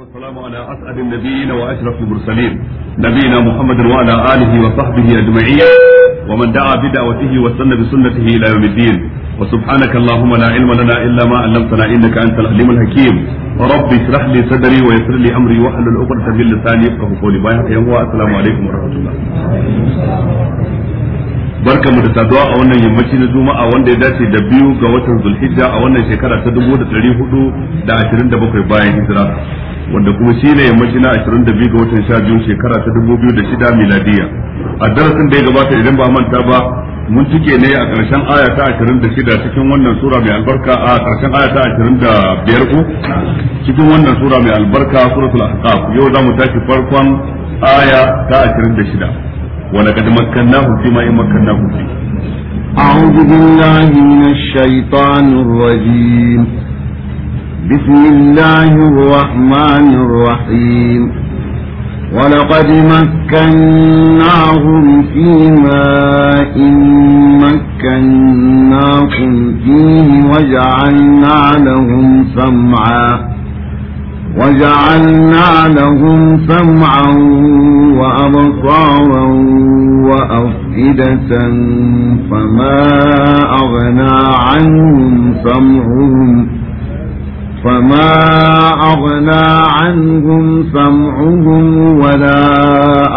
والسلام على اسعد النبيين واشرف المرسلين نبينا محمد وعلى اله وصحبه اجمعين ومن دعا بدعوته وسن بسنته الى يوم الدين وسبحانك اللهم لا علم لنا الا ما علمتنا انك انت العليم الحكيم رب اشرح لي صدري ويسر لي امري واحلل عقدة من لساني يفقهوا قولي باي السلام عليكم ورحمه الله barka mu da saduwa a wannan yammaci na juma'a wanda ya dace da biyu ga watan zulhijja a wannan shekara ta dubu da ɗari hudu da ashirin da bakwai bayan hijira wanda kuma shi ne yammaci na ashirin da biyu ga watan sha biyu shekara ta dubu biyu da shida miladiya a darasin da ya gabata idan ba manta ba mun cike ne a ƙarshen aya ta ashirin da shida cikin wannan sura mai albarka a ƙarshen aya ta ashirin da biyar ku cikin wannan sura mai albarka suratul ahqaf yau za mu tashi farkon aya ta ashirin da shida ولقد مكناهم فيما إن مكناهم فيه أعوذ بالله من الشيطان الرجيم بسم الله الرحمن الرحيم ولقد مكناهم فيما إن مكناكم فيه وجعلنا لهم سمعاً وجعلنا لهم سمعا وأبصارا وأفئدة فما أغنى عنهم سمعهم فما أغنى عنهم سمعهم ولا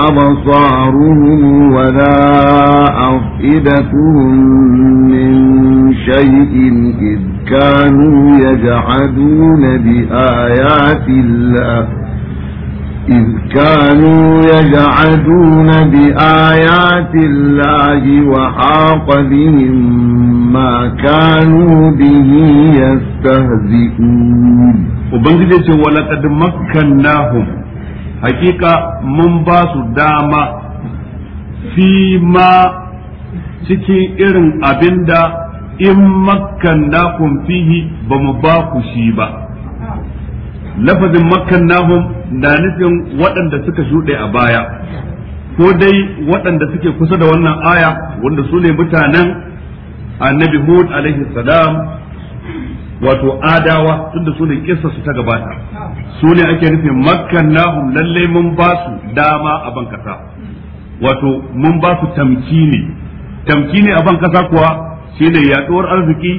أبصارهم ولا أفئدتهم من شيء إذ كانوا يجحدون بآيات الله إذ كانوا يجعدون بآيات الله وحاق بهم ما كانوا به يستهزئون وبنجد ولقد مكناهم حقيقة من باس داما فيما cikin irin abinda in makkannakum fihi ba mu ba ku shi ba lafazin makkannahum na nufin waɗanda suka shuɗe a baya ko dai waɗanda suke kusa da wannan aya wanda su ne mutanen annabi hud alaihi salam wato adawa tunda su ne kissa su ta gabata su ne ake nufin makkannahum lallai mun ba su dama a bankasa wato mun ba su tamkini tamkini a bankasa kuwa shine yaduwar arziki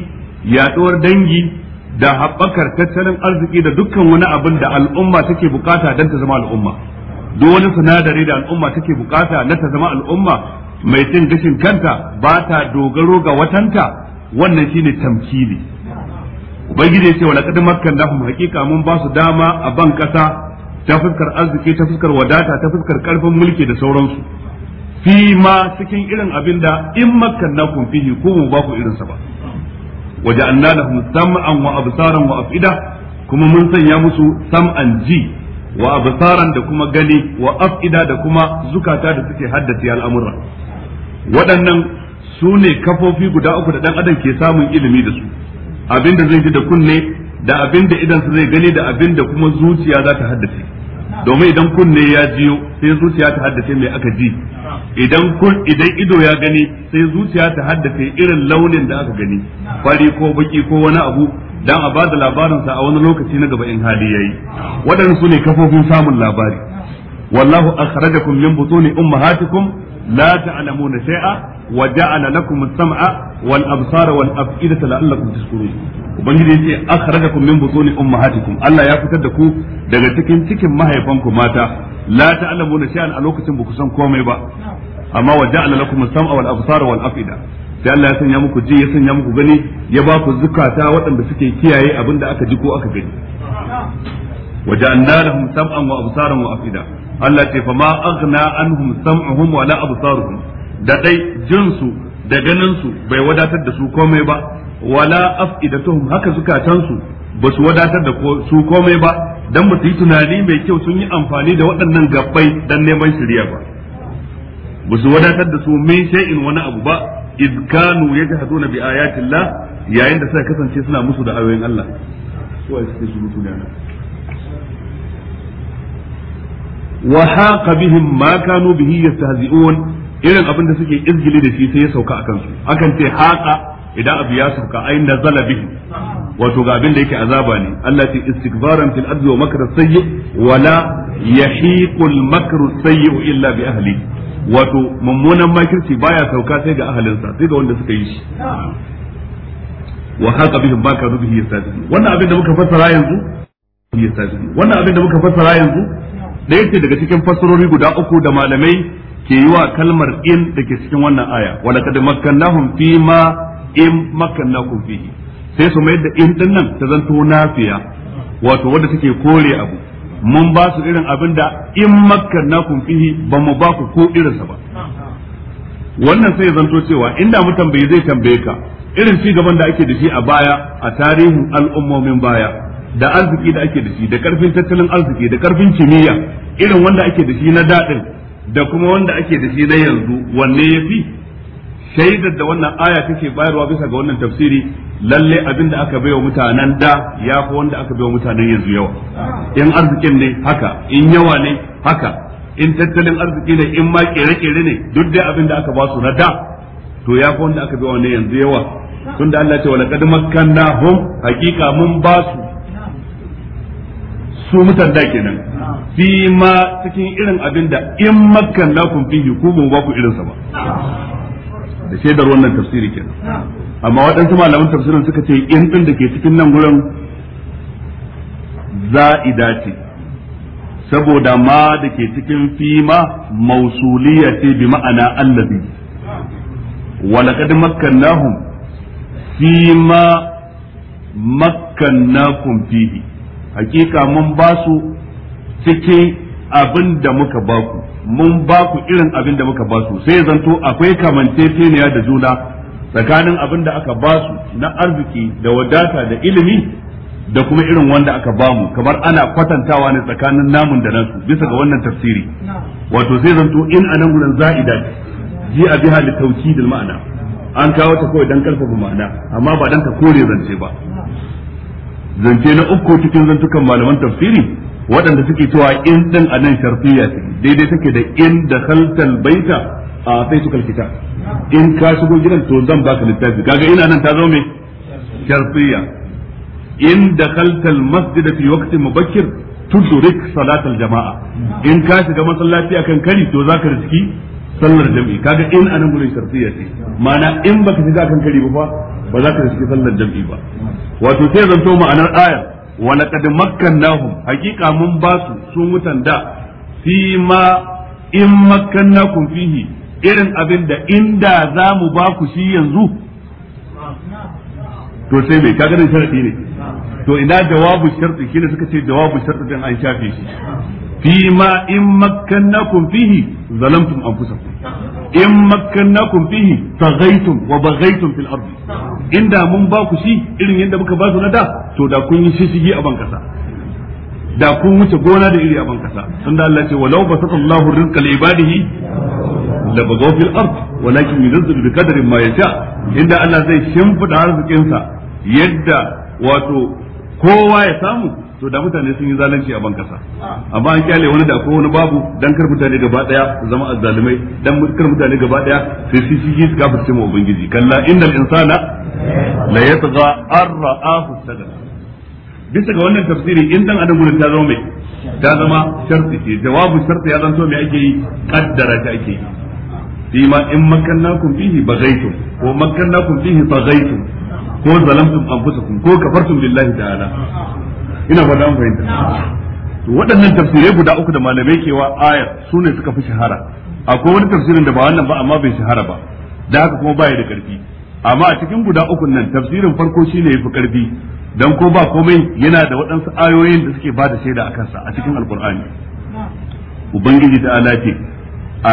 yaduwar dangi da haɓakar tattalin arziki da dukkan wani abin da al'umma take bukata don ta zama al'umma duk wani sinadari da al'umma take bukata na ta zama al'umma mai cin gashin kanta ba ta dogaro ga watanta wannan shine tamkili ubangiji ya ce wala kadin makkan mu hakika mun ba su dama a ban kasa ta fuskar arziki ta fuskar wadata ta fuskar karfin mulki da sauransu Fima cikin irin abin da in makkannakum fihi ko mu ba ku irin sa ba Waje lahum sam'an wa absaran wa af'ida kuma mun sanya musu sam'an ji wa absaran da kuma gani wa af'ida da kuma zukata da suke haddace al'amura waɗannan su ne kafofi guda uku da dan adam ke samun ilimi da su abinda zai ji da kunne da abin da idan su zai gani da abinda kuma zuciya za ta haddace domin idan kunne ya jiyo sai zuciya ta haddace mai aka ji idan kun idan ido ya gani sai zuciya ta haddace irin launin da aka gani fari ko baki ko wani abu dan a bada labarin sa a wani lokaci na gaba in hali yayi yi. Waɗansu ne kafofin samun labari wallahu akhrajakum min butuni ummahatikum la ta'lamuna shay'a wa ja'ala lakum as-sam'a wal absara wal af'idata la'allakum tashkurun ubangiji yace akhrajakum min butuni ummahatikum Allah ya fitar da ku daga cikin cikin mahaifanku mata la ta'lamuna shay'an a lokacin ba ku san komai ba amma wa ja'ala lakum as-sam'a wal absara wal af'ida sai Allah ya sanya muku ji ya sanya muku gani ya ba ku zukata waɗanda suke kiyaye abin da aka ji ko aka gani wa ja'alna lahum sam'an wa absaran wa af'ida Allah ce fa ma aghna anhum sam'uhum wa la absaruhum da dai jinsu da ganinsu bai wadatar da su komai ba wala afidatuhum haka zukatansu ba su wadatar da su komai ba dan ba su yi tunani mai kyau sun yi amfani da waɗannan gabbai dan neman shirya ba ba su wadatar da su min shay'in wani abu ba iz kanu yajhaduna bi ayatillah yayin da suka kasance suna musu da ayoyin Allah su ai suke su mutu wa haqa bihim ma kanu bihi yastahzi'un irin abin da suke izgili da shi sai ya sauka akan su akan ce haka idan abu ya sauka ai zala bihi wato ga abin da yake azaba ne Allah ce istikbaran fil ardi wa makra sayyi wala yahiqul makru sayyi illa bi ahli wato mummunan makirci baya sauka sai ga ahalinsa sai ga wanda suka yi shi wa haka bihim baka rubihi yastajib wannan abin da muka fassara yanzu yastajib wannan abin da muka fassara yanzu da yake daga cikin fassarori guda uku da malamai ke yi wa kalmar in da ke cikin wannan aya wala kad makkannahum fi ma in makkannakum fi sai su mayar da in din nan ta zanto nafiya wato wanda take kore abu mun ba su irin abin da in makkannakum fi ba mu ba ku ko sa ba wannan sai zanto cewa inda mu tambayi zai tambaye ka irin ci gaban da ake da shi a baya a tarihin al'ummomin baya da arziki da ake da shi da karfin tattalin arziki da karfin kimiyya irin wanda ake da shi na daɗin da kuma wanda ake da shi na yanzu wanne ya fi shaidar da wannan aya take bayarwa bisa ga wannan tafsiri lalle abin da aka baiwa mutanen da ya fi wanda aka baiwa mutanen yanzu yawa in arzikin ne haka in yawa ne haka in tattalin arziki ne in ma kere-kere ne duk dai abin da aka ba su na da to ya fi wanda aka baiwa ne yanzu yawa tunda Allah ce wa laqad makkannahum haqiqa mun ba su su mutan da kenan fi ma cikin irin abin da in makkan lakum fihi ku mun ba ku sa ba da shaidar wannan tafsiri kenan amma waɗansu malaman tafsirin suka ce in din da ke cikin nan gurin za'ida ce saboda ma da ke cikin fi ma mausuliya ce bi ma'ana allazi wa laqad makkannahum fi ma makkannakum fihi hakika mun ba su cike abin da muka ba ku mun ba ku irin abin da muka ba su sai zanto akwai kamanceceniya da juna tsakanin abin da aka ba su na arziki da wadata da ilimi da kuma irin wanda aka ba mu kamar ana kwatantawa ne tsakanin namun da nasu bisa ga wannan tafsiri wato sai zanto in anan gudan za'ida ji a biha da ma'ana an kawo ta kawai dan karfafa ma'ana amma ba dan ta kore zance ba zance na uku cikin zantukan malaman tafsiri waɗanda suke cewa in din a nan sharfiya take daidai take da in da khaltal baita a sai su kalkita in ka shigo gidan to zan baka littafi kaga ina nan ta zo me sharfiya in da khaltal masjid fi waqtin mubakkir tudrik salatal jama'a in ka shiga masallaci akan kari to zaka riski sallar jam'i kaga in anan gurin shartiyya ce ma'ana in baka shiga kan kari ba fa ba za ka shiga sallar jam'i ba wato sai zanto ma'anar ayar wa laqad makkannahum haqiqa mun ba su sun wutan da fi ma in makkannakum fihi irin abin da inda za mu ba ku shi yanzu to sai mai kaga nan sharadi ne to ina jawabu sharti shine suka ce jawabu sharti din an shafe shi fi ma in makkannakum fihi zalamtum anfusakum in makkannakum fihi taghaytum wa baghaytum fil ardi inda mun ba ku shi irin yadda muka ba su na da to da kun yi shishigi a ban da kun wuce gona da iri a ban kasa tun da Allah ce walau basata Allahu rizqa li ibadihi la bagaw fil ard walakin yunzilu bi qadarin ma Allah zai shimfida arzikin yadda wato kowa ya samu to da mutane sun yi zalunci a bankasa amma an kyale wani da akwai wani babu dan kar mutane gaba daya su zama azzalumai dan kar mutane gaba daya su su su su kafirce mu ubangiji kalla innal insana la yatgha arra'ahu sadal bisa ga wannan tafsiri in dan adam gurin ta zama mai ta zama sharti ce jawabu sharti ya zanto mai ake yi kaddara ta ake yi fima in makannakum fihi baghaytum ko makannakum fihi baghaytum ko zalamtum anfusakum ko kafartum billahi ta'ala ina ba da amfani to waɗannan tafsirai guda uku da malamai kewa ayar su ne suka fi shahara akwai wani tafsirin da ba wannan ba amma bai shahara ba da haka kuma baya da karfi amma a cikin guda uku nan tafsirin farko shine yafi karfi dan ko ba komai yana da waɗansu ayoyin da suke bada shaida a kansa a cikin alkur'ani ubangiji ta alafi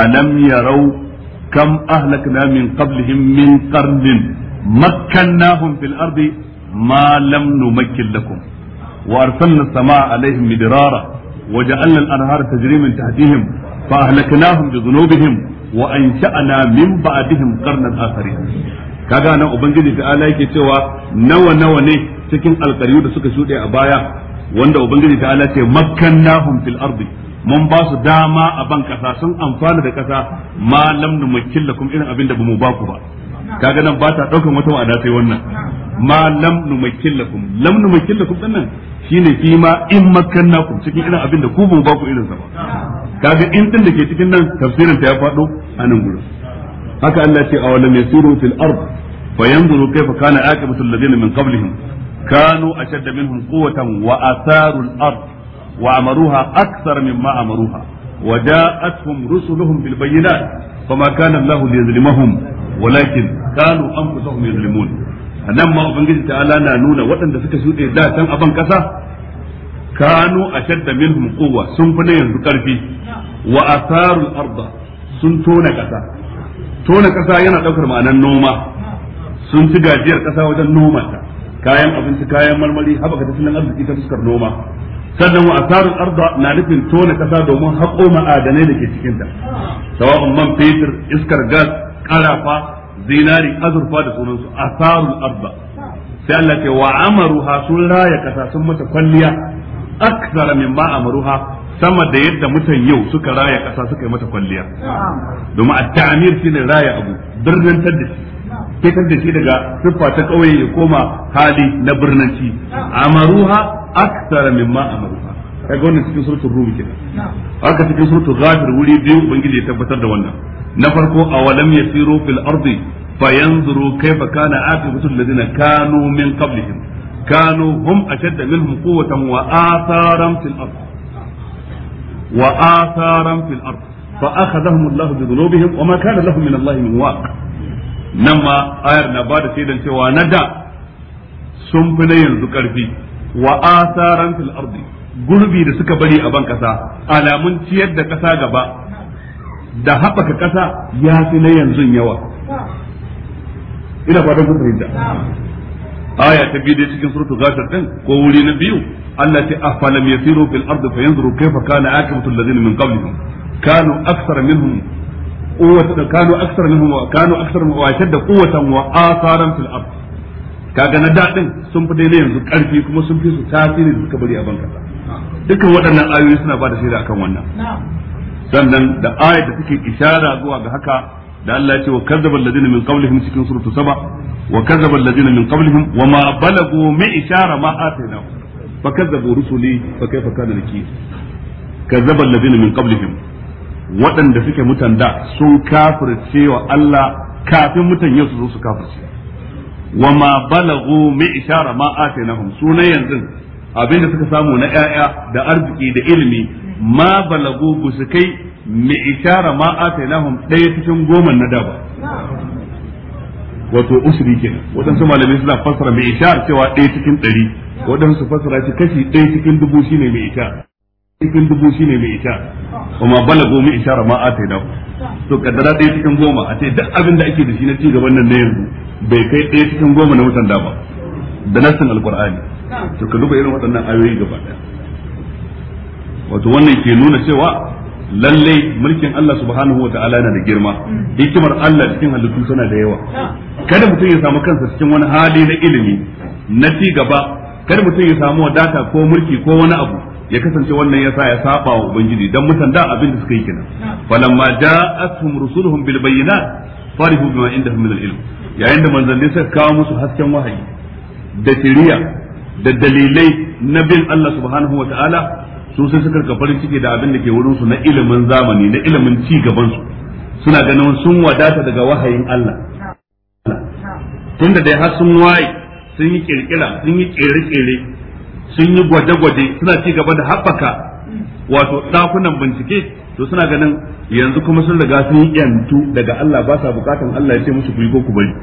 alam yarau kam ahlakna min qablihim min qarnin makkannahum fil ardi ma lam numakkil lakum وارسلنا السماء عليهم مدرارا وجعلنا الانهار تجري من تحتهم فاهلكناهم بذنوبهم وانشانا من بعدهم قرنا اخرين kaga nan ubangiji ta ala yake cewa nawa nawa ne cikin alkariyu da suka shuɗe a baya wanda ubangiji ta ala ce makkannahum fil ardi mun ba su dama a ban kasa sun amfana da kasa ma lam numakkil lakum irin abin da bamu ba ku ba kaga nan ba ta daukan wata ma'ana sai wannan ma lam numakkin lakum lam numakkin lakum dinnan shine fi ma in ku cikin irin abin da ku ba ku irin sa ba kaga in din da ke cikin nan tafsirin ta ya fado a nan gurin haka Allah ce awalam yasiru fil ard fayanzuru kayfa kana aqibatu alladhina min qablihim kanu ashadda minhum quwwatan wa atharu al ard wa amaruha akthar mimma amaruha وجاءتهم رسلهم بالبينات فما كان الله ليظلمهم walakin kanu anfusahum yuzlimun anan ma ubangiji ta'ala na nuna waɗanda suka shuɗe da can aban kasa kanu ashadda minhum quwwa sun fi na yanzu karfi wa atharul sun tona kasa tona kasa yana daukar ma'anar noma sun ci gajiyar kasa wajen noma kayan abinci kayan marmari haɓaka tattalin arziki ta fuskar noma sannan wa asarul arda na nufin tona kasa domin haƙo ma'adanai da ke cikin ta sawa'un man fetur iskar gas karafa zinari azurfa da sunansu asarul arba sai Allah ce wa amaruha sun raya kasa sun mata kwalliya aksara min ma amaruha sama da yadda mutan yau suka raya kasa suka yi mata kwalliya domin a tamir ne raya abu birnin da shi fitar da shi daga siffa ta kauye ya koma hali na birnin ci amaruha aksara min ma amaruha kaga wannan cikin suratul rum kenan haka cikin suratul ghafir wuri biyu ubangiji ya tabbatar da wannan na farko awalam yasiru fil ardi fayanzuru kayfa kana aqibatu alladhina kanu min qablihim kanu hum ashadda minhum quwwatan wa atharan fil ard wa atharan fil ard fa akhadhahum Allahu bi dhunubihim wa ma kana lahum min Allahi min waq nan ma ayar na bada shaidan cewa na da sun fi na yanzu karfi wa asaran fil ardi gurbi da suka bari a ban kasa alamun ciyar da kasa gaba da haɓaka kasa ya fi na yanzu yawa ina fatan kun fahimta aya ta biyu dai cikin suratul ghafir din ko wuri na biyu Allah ta afalam yasiru fil ardi fayanzuru kayfa kana akibatu alladhina min qablihim kanu akthar minhum قوة كانوا أكثر منهم كانوا أكثر وأشد قوة وآثارا في الأرض kaga na daɗin sun fi daidai yanzu ƙarfi kuma sun fi su tasiri da suka bari a bankasa dukkan waɗannan ayoyi suna ba da shaida akan wannan sannan da ayat da take ishara zuwa ga haka da Allah ya ce wa kazzaba alladhina min qablihim cikin suratu saba wa kazzaba alladhina min qablihim wa ma balagu mi ishara ma atayna fa kazzabu rusuli fa kayfa kana nakir kazzaba alladhina min qablihim waɗanda suke mutan da sun kafirce wa Allah kafin mutan yau su zo su kafirce wa ma balagu mi ishara ma atainahum sunan yanzu Abin da suka samu na ƴaƴa da arziki da ilimi ma balagu bu su kai mi ishara ma atainahum ɗaya cikin goma na daba wato usri kenan waɗansu malamai suna fassara mai ishar cewa ɗaya cikin ɗari waɗansu fassara shi kashi ɗaya cikin dubu shine mai ishar cikin dubu shine mai ishar kuma balagu mai ishara ma atainahu to kaddara ɗaya cikin goma a ce duk abin da ake da shi na ci gaban nan na yanzu bai kai ɗaya cikin goma na mutan da ba da nassin alqur'ani to ka duba irin waɗannan ayoyi gaba ɗaya wato wannan ke nuna cewa lallai mulkin Allah subhanahu wata'ala yana da girma hikimar Allah cikin halittu tana da yawa kada mutum ya samu kansa cikin wani hali na ilimi na ci gaba kada mutum ya samu wadata ko mulki ko wani abu ya kasance wannan ya sa ya saba wa ubangiji dan mutan da abin da suka yi kina falamma ja'atuhum rusuluhum bil bayyinat farihu bima indahum min al ilm yayin da manzanni suka kawo musu hasken wahayi da shari'a da dalilai na bin Allah subhanahu wa ta'ala su sai suka ga farin ciki da abin da ke wurin su na ilimin zamani na ilimin ci gaban su suna ganin sun wadata daga wahayin Allah tunda dai har sun waye sun yi kirkira sun yi kere-kere sun yi gwaje-gwaje suna ci gaba da haɓaka wato ɗakunan bincike to suna ganin yanzu kuma sun riga sun yi yantu daga Allah ba sa bukatan Allah ya ce musu ku yi ko ku bari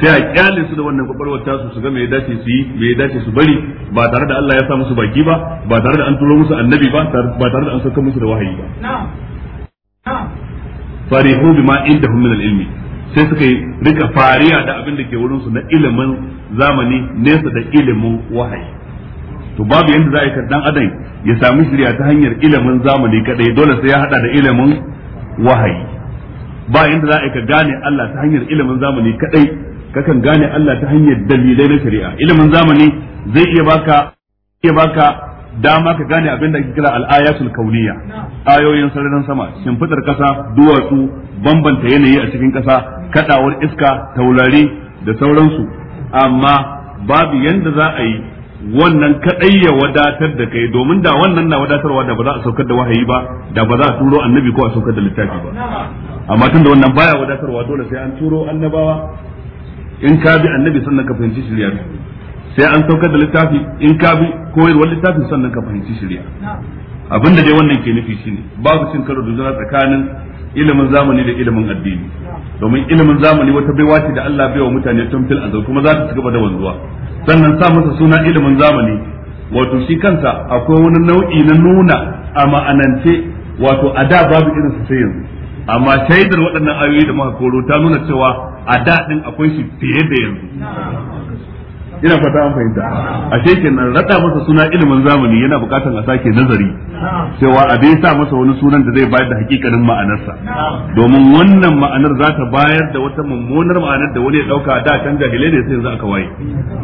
sai a kyale su da wannan kwakwalwar tasu su ga me ya dace su yi me ya dace su bari ba tare da Allah ya sa musu baki ba ba tare da an turo musu annabi ba ba tare da an sauka musu da wahayi ba farihu bima indahum min al-ilmi sai suka rika fariya da abin da ke wurin su na ilimin zamani nesa da ilimin wahayi to babu yanda za a yi dan adam ya sami shirya ta hanyar ilimin zamani kadai dole sai ya hada da ilimin wahayi ba yanda za a yi ka gane Allah ta hanyar ilimin zamani kadai kakan gane Allah ta hanyar dalilai na shari'a ilimin zamani zai iya baka iya baka dama ka gane abin da ake kira al-ayatul kauniyya ayoyin sararin sama shimfidar kasa duwatsu bambanta yanayi a cikin kasa kadawar iska taurari da sauransu amma babu yanda za a yi wannan kadai ya wadatar da kai domin da wannan na wadatarwa da ba za a saukar da wahayi ba da ba za a turo annabi ko a saukar da littafi ba amma tunda wannan baya wadatarwa dole sai an turo annabawa in ka bi annabi sannan ka fahimci shirya sai an saukar da littafi in ka bi koyarwar littafi sannan ka fahimci shirya abinda dai wannan ke nufi shine babu cin karo da tsakanin ilimin zamani da ilimin addini domin ilimin zamani wata baiwa ce da Allah bai wa mutane tun fil azal kuma za ta ci gaba da wanzuwa sannan sa masa suna ilimin zamani wato shi kansa akwai wani nau'i na nuna a ma'anance wato a da babu irin su sai yanzu amma shaidar waɗannan ayoyi da muka koro ta nuna cewa a daɗin akwai shi fiye da yanzu ina fata an fahimta sheke nan rada masa suna ilimin zamani yana bukatan a sake nazari cewa a dai sa masa wani sunan da zai bayar da hakikanin ma'anarsa domin wannan ma'anar za ta bayar da wata mummunar ma'anar da wani ya dauka da can jahilai ne sai yanzu aka waye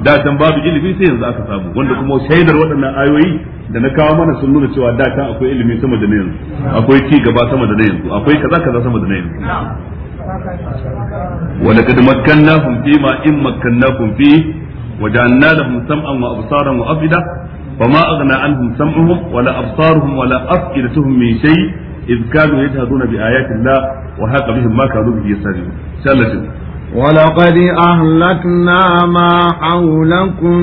da can babu ilimi sai yanzu aka samu wanda kuma shaidar waɗannan ayoyi da na kawo mana sun nuna cewa da can akwai ilimi sama da na yanzu akwai ci gaba sama da na yanzu akwai kaza kaza sama da na yanzu ولقد مكناكم فيما إن مكناكم فيه وجعلنا لهم سمعا وابصارا وافئده فما اغنى عنهم سمعهم ولا ابصارهم ولا افئدتهم من شيء اذ كانوا يجهدون بايات الله وحاق بهم ما كانوا به يستهزئون سلسل ولقد أهلكنا ما حولكم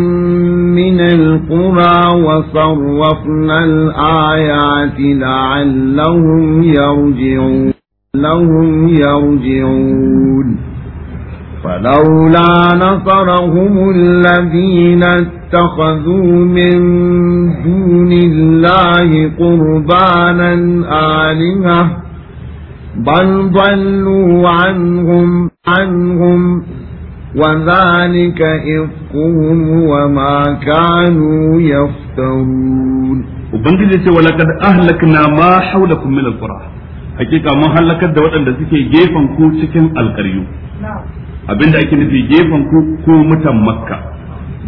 من القرى وصرفنا الآيات لعلهم يرجعون لهم يرجعون فلولا نصرهم الذين اتخذوا من دون الله قربانا آلهة بل ضلوا عنهم عنهم وذلك إفقهم وما كانوا يفترون وبنجد ولقد أهلكنا ما حولكم من القرى حقيقة ما هلكت دوتا التي كي جيفا كو cikin القريو abinda ake nufi gefen ku ko mutan makka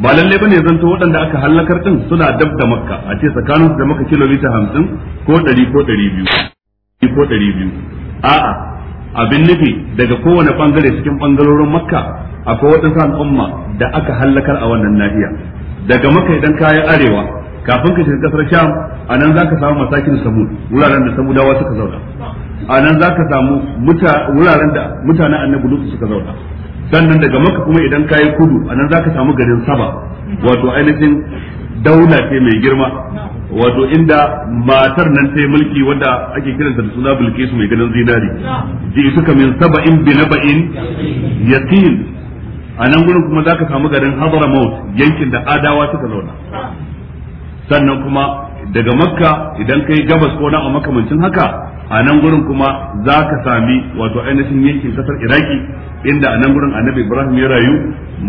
ba lalle bane zanto waɗanda aka hallakar din suna dab da makka a ce tsakanin da makka kilomita hamsin ko ɗari ko ɗari biyu ko ɗari biyu a'a abin nufi daga kowane bangare cikin ɓangarorin makka akwai waɗansu al'umma da aka hallakar a wannan nahiya daga makka idan ka yi arewa kafin ka shiga kasar sham a nan za ka samu masakin samu, wuraren da samudawa suka zauna a nan za ka samu wuraren da mutanen annabi suka zauna sannan daga maka kuma idan kayi kudu anan ka samu garin saba wato ainihin daula ce mai girma wato inda matar nan ta mulki wanda ake kiranta da suna bilkisu mai ganin zinari ji suka min saba'in bi naba'in yaqin a nan gurin kuma za ka samu garin hadramaut yankin da adawa suka zauna sannan kuma daga makka idan kai gabas ko na a makamancin haka a nan gurin kuma za ka sami wato ainihin yankin kasar iraki inda a nan gurin annabi ibrahim ya rayu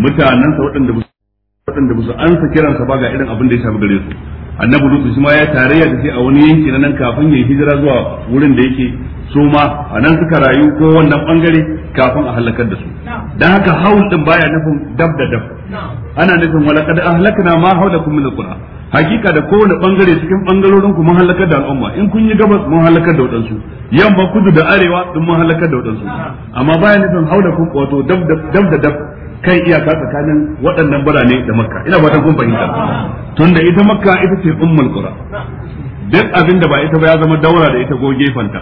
mutanensa waɗanda ba su an su ansa kiransa ba ga irin abin da ya shafi gare su annabi lutu shi ma ya tarayya da shi a wani yanki na nan kafin ya yi hijira zuwa wurin da yake su ma a nan suka rayu ko wannan bangare kafin a halakar da su dan haka haul din baya nufin dab da dab ana nufin walaqad ahlakna ma kuma min alqura hakika da kowane bangare cikin bangarorin ku mun halakar da al'umma in kun yi gabas mun halakar da wadansu yamma kudu da arewa din mun halakar da wadansu amma bayan nufin haula kun wato dab da dab kai iyaka tsakanin waɗannan birane da makka ina fatan kun fahimta tunda ita makka ita ce ummul qura duk abin da ba ita ba ya zama daura da ita go gefanta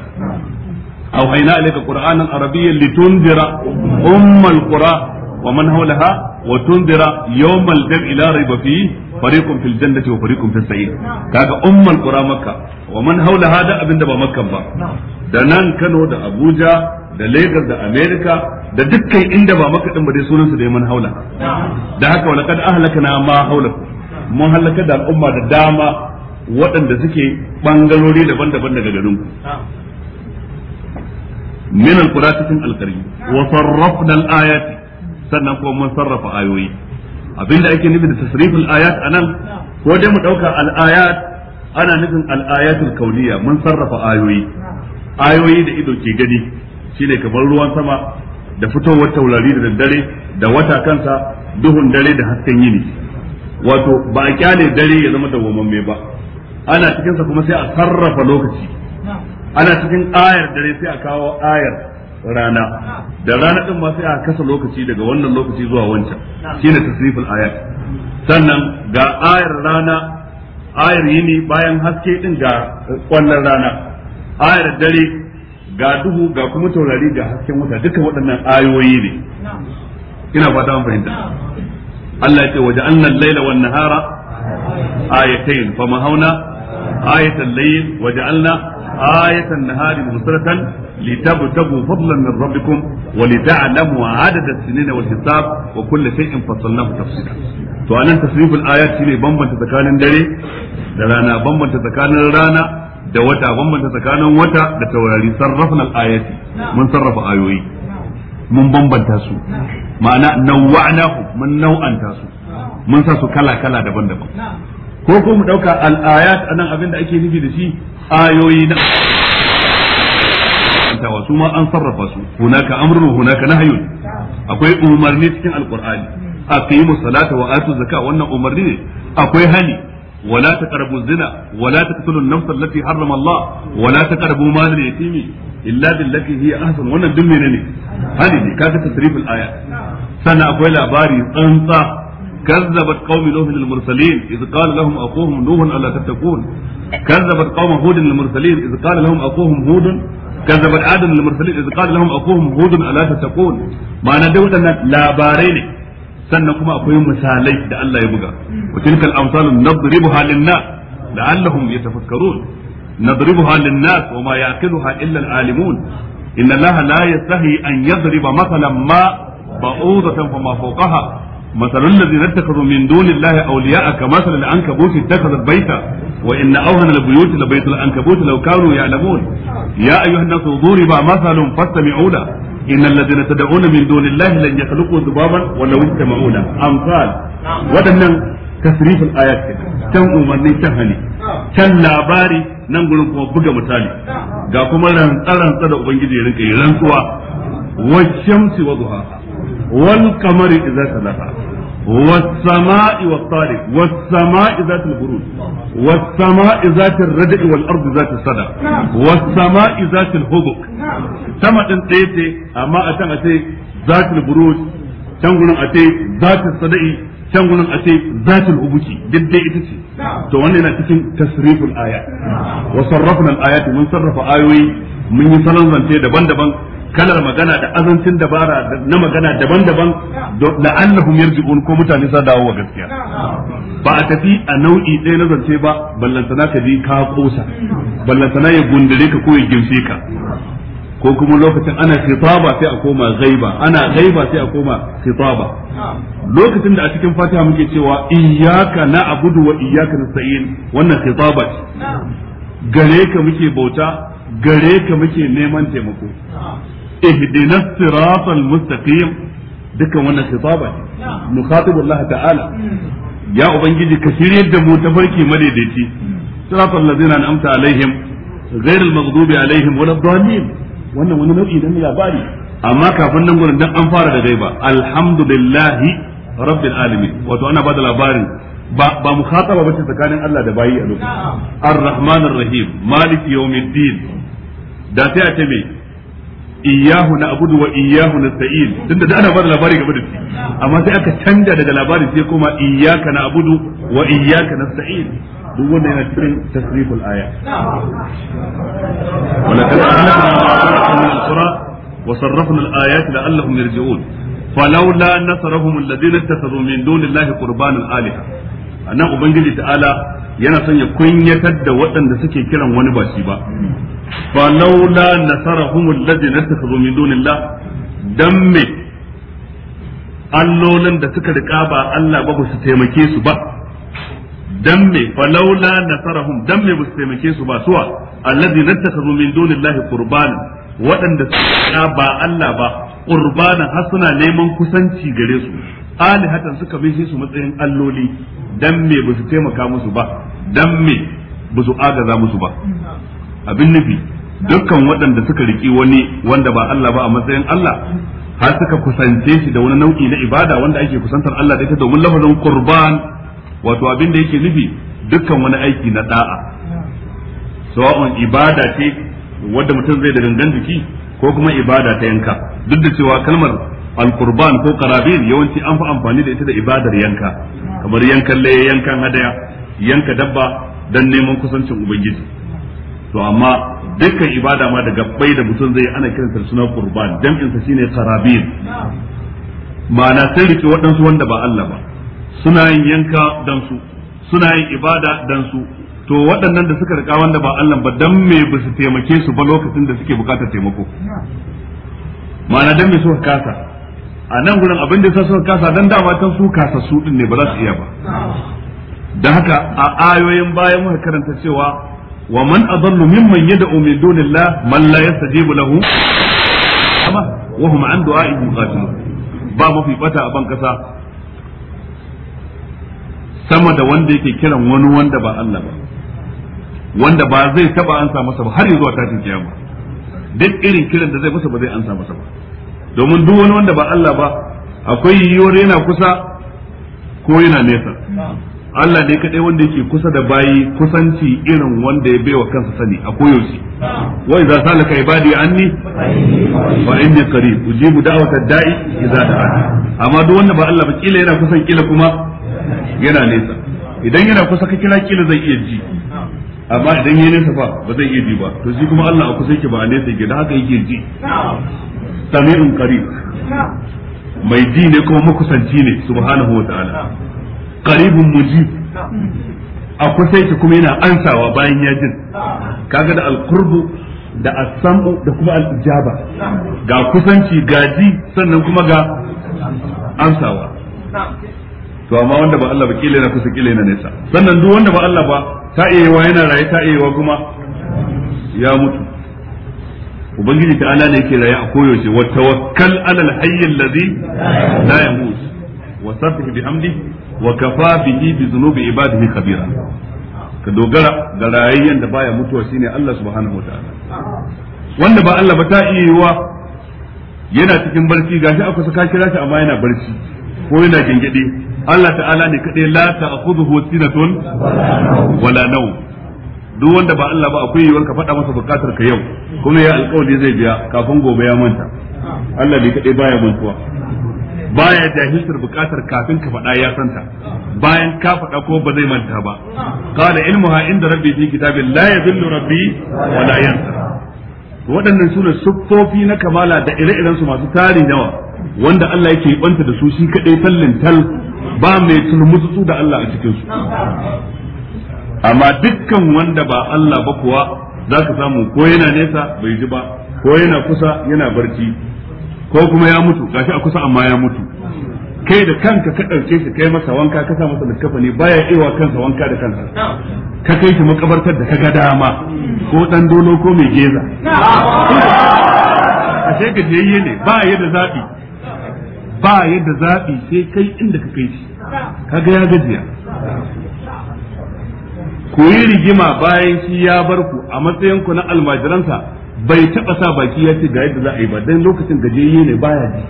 أوحينا alayka qur'anan arabiyyan litundira ummul qura ومن حولها وتنذر يوم الجمع لا ريب فيه فريق في الجنة وفريق في السعير كاك أم القرى مكة ومن حولها دا أبن دبا مكة با دا كانوا دا أبوجا da Lagos da America da dukkan inda ba maka din ba dai sunansu da man haula da haka wala kad ahlakana ma haula mun da al'umma da dama waɗanda suke ɓangarori daban-daban daga garin ku min al-qura cikin al-qarib wa sarrafna al-ayati sannan kuma mun sarrafa ayoyi abinda ake nufi da tasriful ayat anan ko dai mu dauka al ayat ana nufin al ayatul kauniya mun sarrafa ayoyi ayoyi da ido ke gani shine kamar ruwan sama da fitowar taurari da daddare da wata kansa duhun dare da hasken yini wato ba a kyale dare ya zama dawwamamme ba ana cikinsa kuma sai a sarrafa lokaci ana cikin ayar dare sai a kawo ayar rana da rana din ma sai a kasa lokaci daga wannan lokaci zuwa wancan shine tasriful ayat sannan ga ayar rana ayar yini bayan haske din ga ƙwallon rana ayar dare ga duhu ga kuma taurari ga hasken wata dukkan waɗannan ayoyi ne ina fata an fahimta Allah ya ce waje nan laila wan nahara ayatayn fa mahauna waje layl waja'alna آية النهار مبصرة لتبتغوا فضلا من ربكم ولتعلموا عدد السنين والحساب وكل شيء فصلناه تفصيلا to anan tasriful ayat shine bambanta tsakanin dare da rana bambanta tsakanin rana da wata bambanta tsakanin wata da taurari sarrafna al-ayati mun sarrafa ayoyi mun bambanta su ma'ana nawwa'nahu mun nau'anta su mun sa su kala kala daban-daban ko ko mu dauka al-ayat anan abin da ake nufi da shi ayoyi na karantawa su ma an sarrafa su hunaka amrun hunaka nahyun akwai umarni cikin alqur'ani aqimu salata wa atu zakat wannan umarni ne akwai hani ولا تقربوا الزنا ولا تقتلوا النفس التي حرم الله ولا تقربوا مال اليتيم الا بالتي هي احسن wannan duk menene hani ne kaga tasrifin aya sannan akwai labari tsantsa كذبت قوم نوح للمرسلين اذ قال لهم اخوهم نوح الا تتقون كذبت قوم هود للمرسلين اذ قال لهم اخوهم هود كذبت عاد للمرسلين اذ قال لهم اخوهم هود الا تتقون ما انا ان لا بارين سنه كما اكو مثالي ده الله يبغى وتلك الامثال نضربها للناس لعلهم يتفكرون نضربها للناس وما يعقلها الا العالمون ان الله لا يستحي ان يضرب مثلا ما بعوضه فما فوقها مثل الذين اتخذوا من دون الله اولياء كمثل العنكبوت اتخذت بيتا وان اوهن البيوت لبيت العنكبوت لو كانوا يعلمون يا ايها الناس ضرب مثل فاستمعوا له ان الذين تدعون من دون الله لن يخلقوا ذبابا ولو اجتمعوا له امثال waɗannan tasrifin ayat ke can umarni can hali can labari nan gurin kuma buga misali ga kuma rantsa rantsa da ubangiji ya rinka yi rantsuwa wa shamsi wa duha wal qamari idza talaha والسماء والطارق والسماء ذات البروج والسماء ذات الردع والارض ذات الصدع والسماء ذات الهبك سما دين تيتي اما اتان اتي ذات البروج can gurin a ce zatin sada'i can gurin a ce zatin ubuki duk dai ita ce to wannan yana cikin tasriful aya wa sarrafna al ayati mun sarrafa ayoyi mun yi salon zance daban-daban kalar magana da azancin dabara na magana daban-daban da la'annahum yarji'un ko mutane sa dawo wa gaskiya ba a tafi a nau'i ɗaya na zance ba ballantana ka ji ka kosa ballantana ya gundare ka ko ya gimshe ka ko kuma lokacin ana khitaba sai a koma gaiba, ana gaiba sai a koma khitaba lokacin da a cikin fatiha muke cewa iyyaka na'budu wa iyyaka nasta'in wannan khitaba ce gare ka muke bauta gare ka muke neman taimako اهدنا الصراط المستقيم dukan wannan ta'ala ya ubangiji ka da mu tafarki madaidaici siratal ladzina an'amta alaihim ghairil amma kafin nan gurin an fara da gaiba alhamdulillahi rabbil wato bada ba ba mukhataba bace tsakanin Allah da bayi a lokacin arrahmanir rahim maliki yawmiddin da sai a ce me iyyahu na abudu wa iyahu na nasta'in tunda da ana bada labari game da shi amma sai aka canja daga labari sai kuma iyaka na abudu wa iyaka na nasta'in duk wanda yana cikin tasriful aya wala kan ahlakna min al-qura wa sarrafna al-ayat la'allahum yarji'un falawla nasarahum alladhina ittakhadhu min dunillahi qurbanan alaha anan ubangiji ta'ala yana son ya kunyatar da waɗanda suke kiran wani ba shi ba فلولا نصرهم الذين اتخذوا من دون الله دم allolin da suka rika ba Allah ba su taimake su ba dan me laula nasarahum dan me su taimake su ba suwa allazi nattakhadhu min dunillahi qurban waɗanda suka ba Allah ba qurbana har suna neman kusanci gare su Ali hatan suka bishe su matsayin alloli dan me ba su taimaka musu ba dan me ba su agaza musu ba abin nufi dukkan waɗanda suka riki wani wanda ba Allah ba a matsayin Allah har suka kusance shi da wani nau'i na ibada wanda ake kusantar Allah da ita domin lafazin qurban wato abin da yake nufi dukkan wani aiki na da'a sawa'un ibada ce wanda mutum zai da gangan jiki ko kuma ibada ta yanka duk da cewa kalmar al al-qurban ko qarabin yawanci an fi amfani da ita da ibadar yanka kamar yankan laye yankan hadaya yanka dabba dan neman kusancin ubangiji to amma duka ibada ma da bai da mutum zai ana kiransa suna qurban jam'in sa shine qarabil ma'ana sai rike waɗansu wanda ba Allah ba suna yin yanka dan su suna yin ibada dan su to waɗannan da suka rika wanda ba Allah ba dan me ba su taimake su ba lokacin da suke buƙatar taimako ma'ana dan me suka kasa a nan gurin abin da suka kasa dan dama tan su kasa su din ne ba za su iya ba dan haka a ayoyin bayan muka karanta cewa wa man adallu mimman yad'u min dunillah man la yastajibu lahu amma wa hum an du'a'ihim ghafilun ba mafi bata a ban kasa sama da wanda yake kiran wani wanda ba Allah ba wanda ba zai taba ansa masa ba har zuwa tashin kiyama duk irin kiran da zai masa ba zai ansa masa ba domin duk wani wanda ba Allah ba akwai yiwuwar yana kusa ko yana nesa Allah ne kadai wanda yake kusa da bayi kusanci irin wanda ya baiwa kansa sani a koyaushe wa idza salaka ibadi anni fa inni qarib ujibu da'watad da'i idza da'ani amma duk wanda ba Allah ba kila yana kusan kila kuma yana nesa idan yana kusa ka kira kila zai iya ji amma idan yana nesa fa ba zai iya ji ba to shi kuma Allah a kusa yake ba a nesa yake da haka yake ji sami'un qarib mai ji ne kuma makusanci ne subhanahu wa ta'ala qaribun mujib a kusa yake kuma yana ansawa bayan ya jin kaga da alqurbu da asambu da kuma al-ijaba ga kusanci gaji sannan kuma ga ansawa to amma wanda ba Allah ba kile na kusa kile na nesa sannan duk wanda ba Allah ba ta iyewa yana raye ta iyewa kuma ya mutu ubangiji ta ala ne yake raye a koyaushe wa tawakkal alal hayy alladhi la yamut wa sabbih bihamdihi wa kafa bihi bi zunubi ibadihi khabira ka dogara ga rayayyen da baya mutuwa shine Allah subhanahu wataala wanda ba Allah ba ta iya wa yana cikin barci gashi aka saka kira shi amma yana barci ko yana gingide Allah ta'ala ne kadai la ta'khudhuhu sinatun wala nawm duk wanda ba Allah ba akwai yiwuwar ka faɗa masa bukatar ka yau kuma ya alƙawari zai biya kafin gobe ya manta Allah ne kadai baya mantuwa baya jahiltar bukatar kafin ka faɗa ya santa bayan ka faɗa ko ba zai manta ba qala ilmuha inda rabbi fi kitabin la yadhillu rabbi wa la yansa waɗannan sune siffofi na kamala da ire-iren su masu tari nawa, wanda Allah yake banta da su shi kadai tallin tal ba mai turmutsu da Allah a cikin su amma dukkan wanda ba Allah ba kuwa zaka samu ko yana nesa bai ji ba ko yana kusa yana barci ko kuma ya mutu gashi a kusa amma ya mutu kai da kanka ka ɗauke shi kai masa wanka ka sa masa littafa baya iya kansa wanka da kansa ka kai shi makabartar da ka ga dama ko dan dolo ko mai geza a sai ka je ne ba yadda zaɓi ba yadda zabi sai kai inda ka kai shi kaga ya gajiya ku yi rigima bayan shi ya bar ku a matsayin ku na almajiransa bai taba sa baki ya ce ga yadda za a yi ba dan lokacin gajiyayye ne baya ji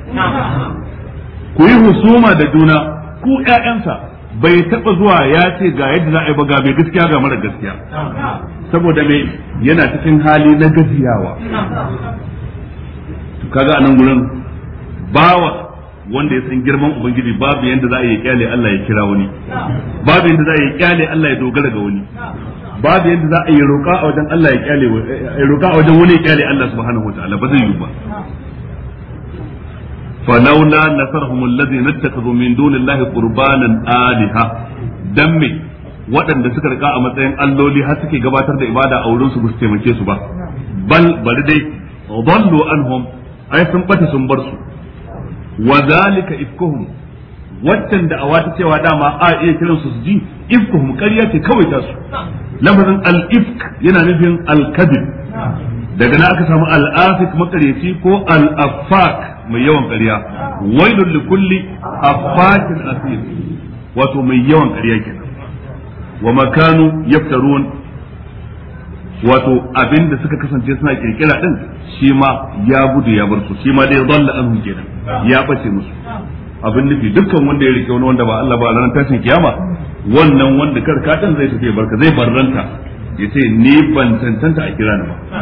ku yi husuma da juna ku ƴaƴansa bai taba zuwa ya ce ga yadda za a yi ba ga mai gaskiya ga mara gaskiya saboda me yana cikin hali na gajiyawa to kaga anan gurin bawa wanda ya san girman ubangiji babu yanda za a yi kyale Allah ya kira wani babu yanda za a yi kyale Allah ya dogara ga wani babu yadda za a yi roƙa a wajen Allah ya kyale roƙa a wajen wani ya kyale Allah subhanahu wataala ba zai yi ba فلولا نصرهم الذين اتخذوا من دون الله قربانا آلهة dan me waɗanda suka rika a matsayin alloli har suke gabatar da ibada a wurin su ba su taimake su ba bal bari dai dallu anhum ai sun bata sun bar su wa zalika ifkuhum waccan da awa ta cewa dama a iya kiran su su ji ifkuhum ƙarya ce kawai ta su lafazin al-ifk yana nufin al-kadib daga na aka samu al-afik makaryaci ko al-afak mai yawan ƙarya wailul li kulli afakin asir wato mai yawan ƙarya kenan wa makanu yaftarun wato abin da suka kasance suna kirkira din shi ma ya gudu ya bar su shi ma dai dalla anhum kenan ya bace musu abin nufi dukkan wanda ya rike wani wanda ba Allah ba ranar tashin kiyama wannan wanda karkatan zai tafi barka zai barranta ya ce ni ban cancanta a kira ni ba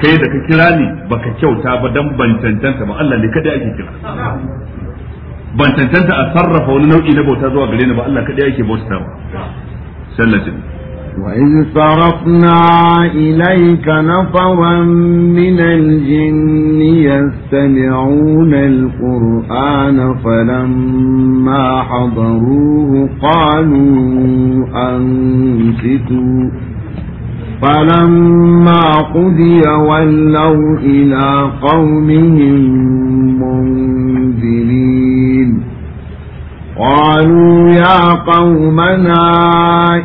kai da ka kira ni baka kyauta ba dan ban cancanta ba Allah ne kadai ake kira ban cancanta a sarrafa wani nau'i na bauta zuwa gare ni ba Allah kadai ake bauta ba sallatin وإذ صرفنا إليك نفرا من الجن يستمعون القرآن فلما حضروه قالوا أنفتوا فلما قضي ولوا إلى قومهم قالوا يا قومنا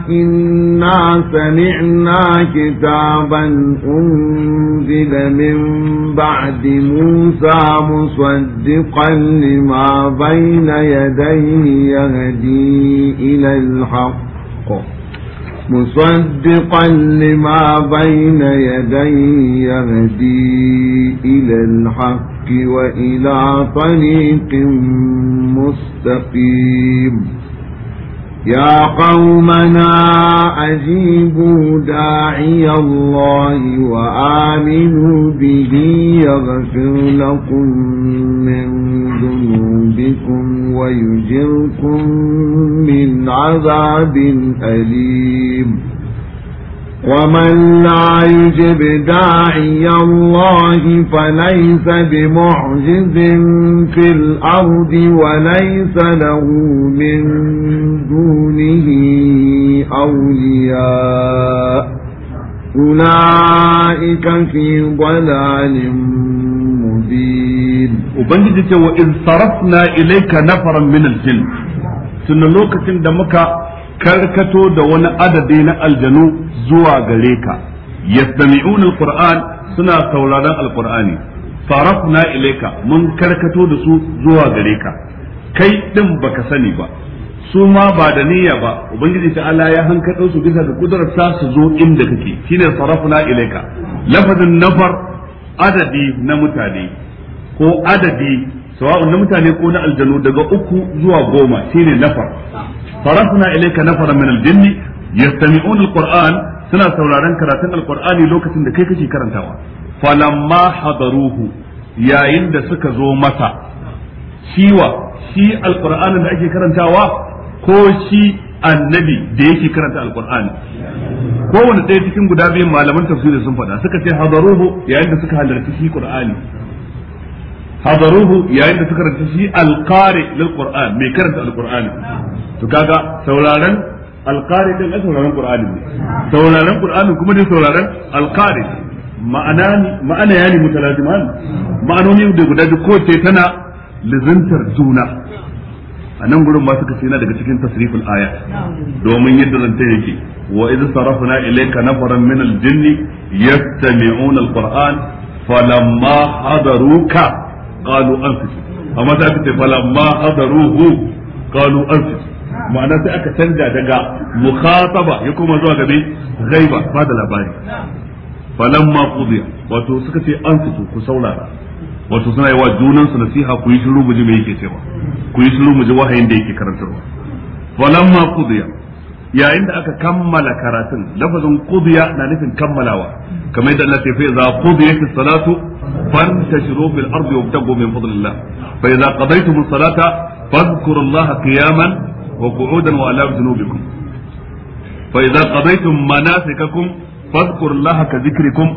إنا سمعنا كتابا أنزل من بعد موسى مصدقا لما بين يديه يهدي إلى الحق مصدقا لما بين يديه يهدي إلى الحق وإلى طريق مستقيم يا قومنا أجيبوا داعي الله وآمنوا به يغفر لكم من ذنوبكم ويجركم من عذاب أليم ومن لا يجب داعي الله فليس بمعجز في الأرض وليس له من دونه أولياء أولئك في ضلال مبين وبنجد وإذ صرفنا إليك نفرا من الجن سنلوك تندمك karkato da wani adadi na aljanu zuwa gare ka yastami'un alquran suna sauraron alqur'ani farafna ilayka mun karkato da su zuwa gare ka kai din baka sani ba su ma ba da niyya ba ubangiji ta Allah ya hankado su bisa da kudurarsa su zo inda kake shine farafna ilayka lafazin nafar adadi na mutane ko adadi sawa'un na mutane ko na aljanu daga uku zuwa goma shine nafar farasna ilayka na min al-jinni yastami'una al-qur'an suna sauraron karatun al-qur'ani lokacin da kai kake karantawa falamma hadaruhu yayin da suka zo masa shiwa shi alqur'ani da ake karantawa ko shi annabi da yake karanta alqur'ani kowane ɗaya cikin guda biyu malaman tafsiri sun faɗa suka ce hadaruhu yayin da suka halarci shi qur'ani hadaruhu yayin da suka rantsi shi alqari lil qur'an mai karanta alqur'ani to kaga sauraron alqari din sauraron qur'ani ne sauraron qur'ani kuma ne sauraron alqari ma'ana ma'ana yani mutalaziman ma'anoni da guda duk kowace tana lizantar juna a nan gurin ma suka ce yana daga cikin tasriful aya domin yadda zance yake wa idh sarafna ilayka nafaran min al-jinni yastami'una al-qur'an falamma hadaruka قالوا anfiqu amma sai فلما ce قالوا hadaruhu qalu ma'ana sai aka canja daga mukhataba ya kuma zuwa gabe ghaiba ba da labari falamma qudiya wato suka ce an fito ku saurara wato suna yi wa junan su nasiha ku yi shiru mu ji me yake cewa ku yi shiru mu ji wahayin da yake karantarwa falamma qudiya yayin da aka kammala karatun lafazin qudiya na nufin kammalawa kamar yadda Allah ya fi za qudiyat salatu fantashiru fil ardi wabtagu min fadlillah fa idza qadaytum as-salata fadhkurullaha qiyaman wa qu'udan wa ala junubikum fa idza qadaytum manasikakum فاذكروا الله كذكركم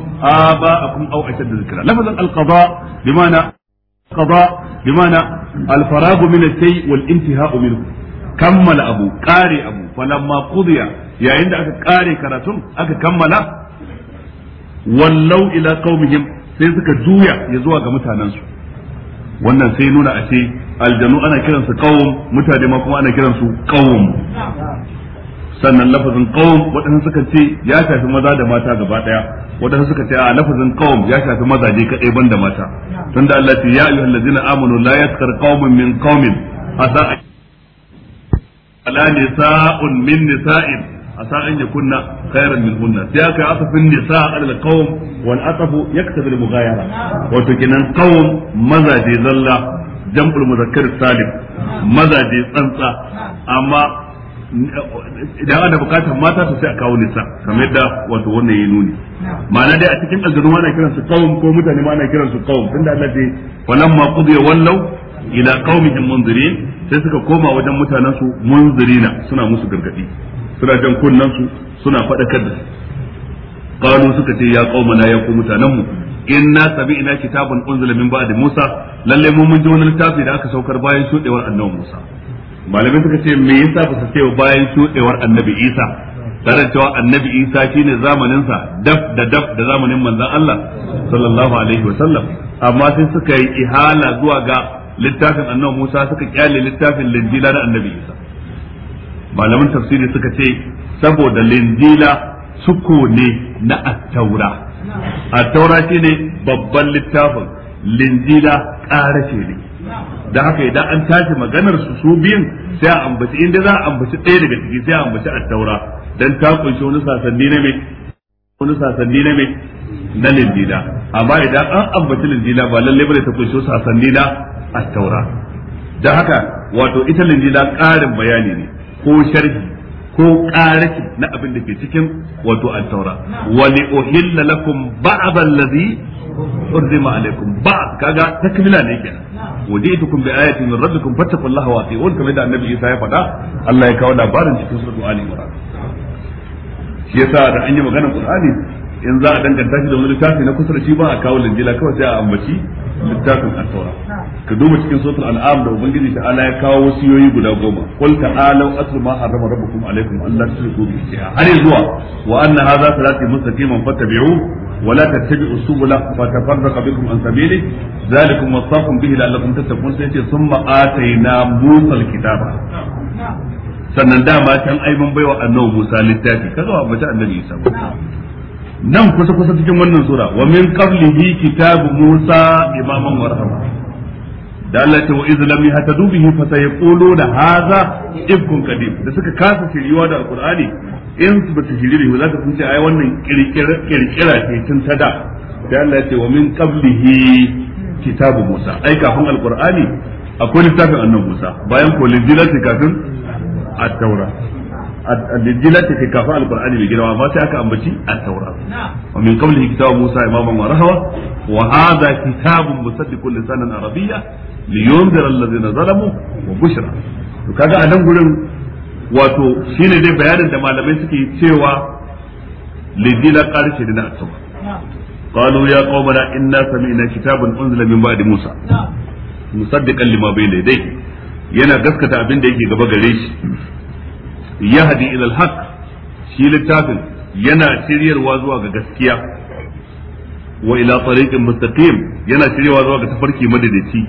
آباءكم أو أشد ذكرا bi القضاء al-faragu min الفراغ من الشيء والانتهاء منه kammala abu kare abu falamma qudiya yayin da aka kare karatun aka kammala wallau ila qaumihim sai suka juya ya zuwa ga mutanensu wannan sai nuna a ce aljanu ana kiransu qawm mutane ma kuma ana kiransu qawm sannan lafazin qawm wadansu suka ce ya shafi maza da mata gaba daya suka ce a lafazin qawm ya shafi mazaje kadai banda mata tunda Allah ya ce ayyuhallazina amanu la yaskar qaumun min qaumin asa ala nisa'un min nisa'in asa an yakunna khairan min hunna sai aka yi asafin nisa ala alqawm wal asafu yaktabi al mughayara wato kinan qawm mazaje zalla jam'ul muzakkar salim mazaje tsantsa amma idan ana bukatar mata su sai a kawo nisa kamar yadda wato wannan ya nuni ma'ana dai a cikin aljanu ana kiran su kawun ko mutane ma ana kiran su kawun tunda Allah ce falan ma qudiya wallau ila qaumihim munzirin sai suka koma wajen mutanen su munzirina suna musu gargadi suna jan kunnan su suna fadakar da qalu suka ce ya qaumana ya ku mutanen mu inna sabina kitabun unzila min ba'di Musa lalle mu mun ji wani littafi da aka saukar bayan shudewar annabi Musa Malamin suka ce me yasa ba su ce bayan shudewar annabi Isa tare cewa annabi Isa shine zamanin sa daf da daf da zamanin manzon Allah sallallahu alaihi wasallam amma sai suka yi ihala zuwa ga littafin annabi Musa suka kyale littafin linjila da annabi Isa malaman tafsiri suka ce saboda linjila suko ne na attaura attaura shine babban littafin linjila ce ne da haka idan an tashi maganar su su biyun sai a ambaci inda za a ambaci ɗaya daga ciki sai a ambaci attaura dan ta kunshi wani sasanni na wani sasanni na mai na linjila amma idan an ambaci linjila ba lalle bane ta kunshi sasanni na at-taura haka wato ita linjila ƙarin bayani ne ko sharhi ko ƙarati na abin da ke cikin wato at-taura wa li uhilla lakum ba'd allazi urzima alaikum ba'd kaga takmila ne kenan wajitukum bi ayatin min rabbikum fattaqullaha wa atiun kamar da annabi Isa ya faɗa Allah ya kawo labarin cikin suratul Ali Imran shi yasa da an yi maganar Qur'ani in za a danganta shi da wani littafi na kusa da shi ba a kawo linjila kawai sai a ambaci littafin at ka duba cikin sotar al'am da ubangiji ta ala ya kawo wasiyoyi guda goma qul ta'alu atlu ma harrama rabbukum alaykum alla tushriku bihi shay'a har zuwa wa anna hadha sirati mustaqiman fattabi'u wa la tattabi'u subula fatafarraqa bikum an sabili dhalikum wasaqum bihi la'allakum tattaqun sai ce summa atayna musa al-kitaba sannan dama can ai mun baiwa annabi Musa littafi kaga ba ta annabi Isa ba nan kusa kusa cikin wannan sura wa min qablihi kitabu Musa imaman wa rahma da Allah ta wa iz lam yahtadu bihi fa sayquluna hadha ibkun qadim da suka kasa shiriwa da alqur'ani in su ba su shiri ba za ka kunce ai wannan kirkira ce tun ta da da Allah ya wa min qablihi kitabu Musa ai kafin alqur'ani akwai littafin annabi Musa bayan ko lijila ce kafin at-taura الدجيلة تكافى القرآن بجرى وما تأكى أنبتي التوراة ومن قبله كتاب موسى إماما ورهوة وهذا كتاب مصدق لسانا عربيا لينذر الذين ظلموا وبشرى kaga a nan gurin wato shine dai bayanin da malamai suke cewa lidila qarshe da atuma qalu ya qaumana inna sami'na kitaban unzila min ba'di musa musaddiqan lima bayna yana gaskata abin da yake gaba gare shi yahdi ila alhaq haq shi littafin yana shiryarwa zuwa ga gaskiya wa ila tariqin mustaqim yana shiryarwa zuwa ga tafarki madadaci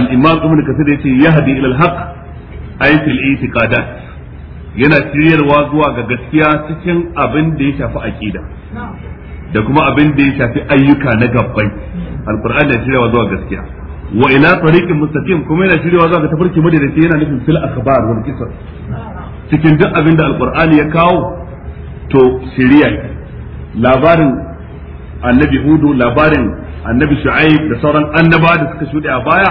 al-imam ibn kasir yace yahdi ila alhaq haq ay fil i'tiqadat yana shiryarwa zuwa ga gaskiya cikin abin da ya shafi aqida da kuma abin da ya shafi ayyuka na gabbai alqur'ani yana shiryarwa zuwa gaskiya wa ila tariqin mustaqim kuma yana shiryarwa zuwa ga tafarki madadaci yana nufin fil akhbar wal qisas cikin duk abin da alqur'ani ya kawo to shiriya labarin annabi hudu labarin annabi shu'aib da sauran annaba da suka shuɗe a baya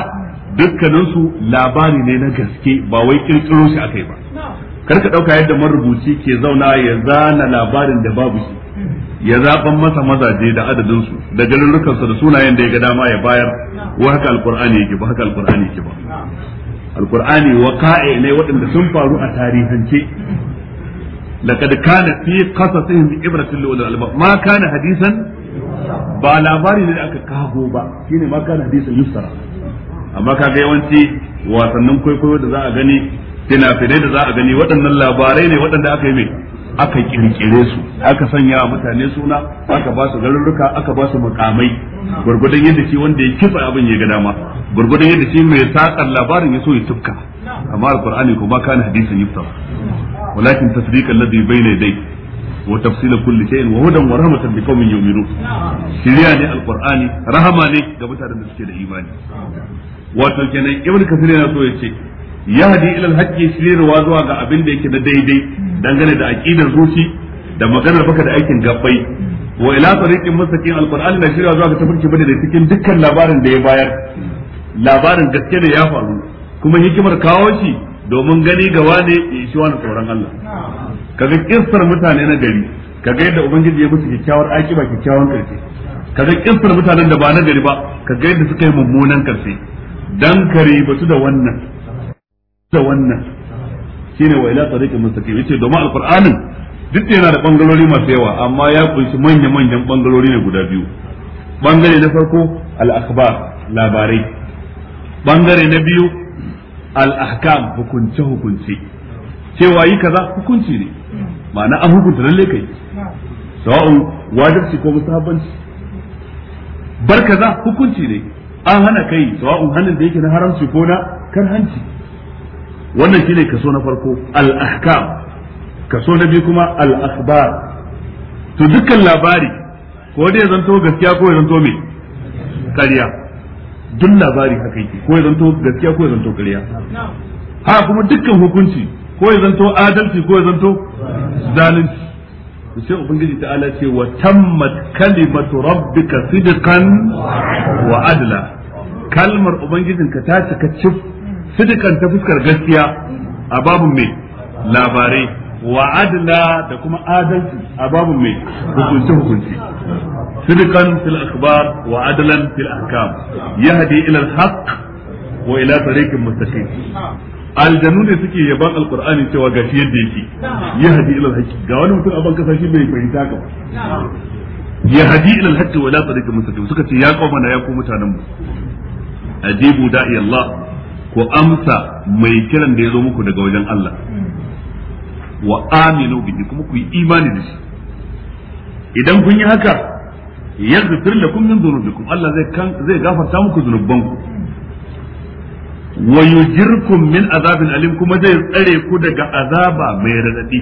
dukkaninsu labari ne na gaske ba wai kirkiro shi akai ba kar ka ɗauka yadda marubuci ke zauna ya zana labarin da babu shi ya zaɓan masa mazaje da adadinsu da garurukansu da sunayen da ya ga dama ya bayar wa haka alkur'ani yake ba haka alkur'ani yake ba alqur'ani waqa'i ne waɗanda sun faru a tarihance laqad kana fi qasasihim ibratun lil albab ma kana hadisan ba labari ne da aka kago ba shine ma kana hadisan yusra amma kaga yawanci wasannin kwaikwayo da za a gani fina-finai da za a gani waɗannan labarai ne waɗanda aka yi mai aka kirkire su aka sanya mutane suna aka ba su garuruka aka ba su makamai gurgudan yadda shi wanda ya kifa abin ya ga dama gurgudan yadda shi mai sakar labarin ya so ya tufka amma alqur'ani kuma kana hadisin yufta walakin tasdiq alladhi bayna yaday wa tafsil kulli shay'in wa hudan wa rahmatan liqaumin yu'minun shiriya ne alqur'ani rahama ne ga mutanen da suke da imani wato kenan ibnu kasir yana so ya ce yahdi ila alhaqqi shiriya zuwa ga abin da yake na daidai dangane da aqidar zuci da maganar baka da aikin gabbai wa ila tariqin mustaqim alqur'ani na shirya zuwa ga tafarki bane da cikin dukkan labarin da ya bayar labarin gaske ne ya faru kuma hikimar kawo shi domin gani ga wane ya shi wani tsoron Allah kaga kissar mutane na gari kaga yadda ubangiji ya musu ba akiba kyakkyawan karshe kaga kissar mutanen da ba na gari ba kaga yadda suka yi mummunan karshe dan kare batu da wannan da wannan shine wa ila tariqin mustaqim yace domin alqur'anin duk yana da bangalori masu yawa amma ya kunshi manya manyan bangalori ne guda biyu bangare na farko al-akhbar labarai bangare na biyu al-ahkam hukunce hukunce cewa yi kaza hukunci ne ma'ana an hukunta lalle kai sawa'un wajibci ko musahabbanci bar kaza hukunci ne an hana kai sawa'un hannun da yake na haramci ko na karhanci wannan shine kaso na farko al-ahkam kaso na biyu kuma al-akhbar to dukkan labari ko dai zanto gaskiya ko ya zanto me ƙarya duk labari haka yake ko ya zanto gaskiya ko ya zanto ƙarya ha kuma dukkan hukunci ko ya zanto adalci ko ya zanto zalunci sai ubangiji ala ce wa tammat kalimatu rabbika sidqan wa adla kalmar ubangijinka ta cika cif sidikan ta fuskar gaskiya a babun mai labarai wa adla da kuma adalci a babun mai hukunci hukunci sidikan fil akhbar wa adlan fil ahkam yahdi ila al haq wa ila tariqin mustaqim aljanu ne suke yaban alqur'ani cewa ga shi yadda yake yahdi ila al haqq ga wani mutum a ban kasa shi bai fahimta ka hadi ila al haqq wa ila tariqin mustaqim suka ce ya kawo mana ya ku mutanen mu ajibu da'i Allah ku amsa mai kiran da ya zo muku daga wajen Allah wa aminu bihi kuma ku yi imani da shi idan kun yi haka yaghfir lakum min dhunubikum Allah zai kan zai gafarta muku zunubanku wa yujirkum min azabin alim kuma zai tsare ku daga azaba mai radadi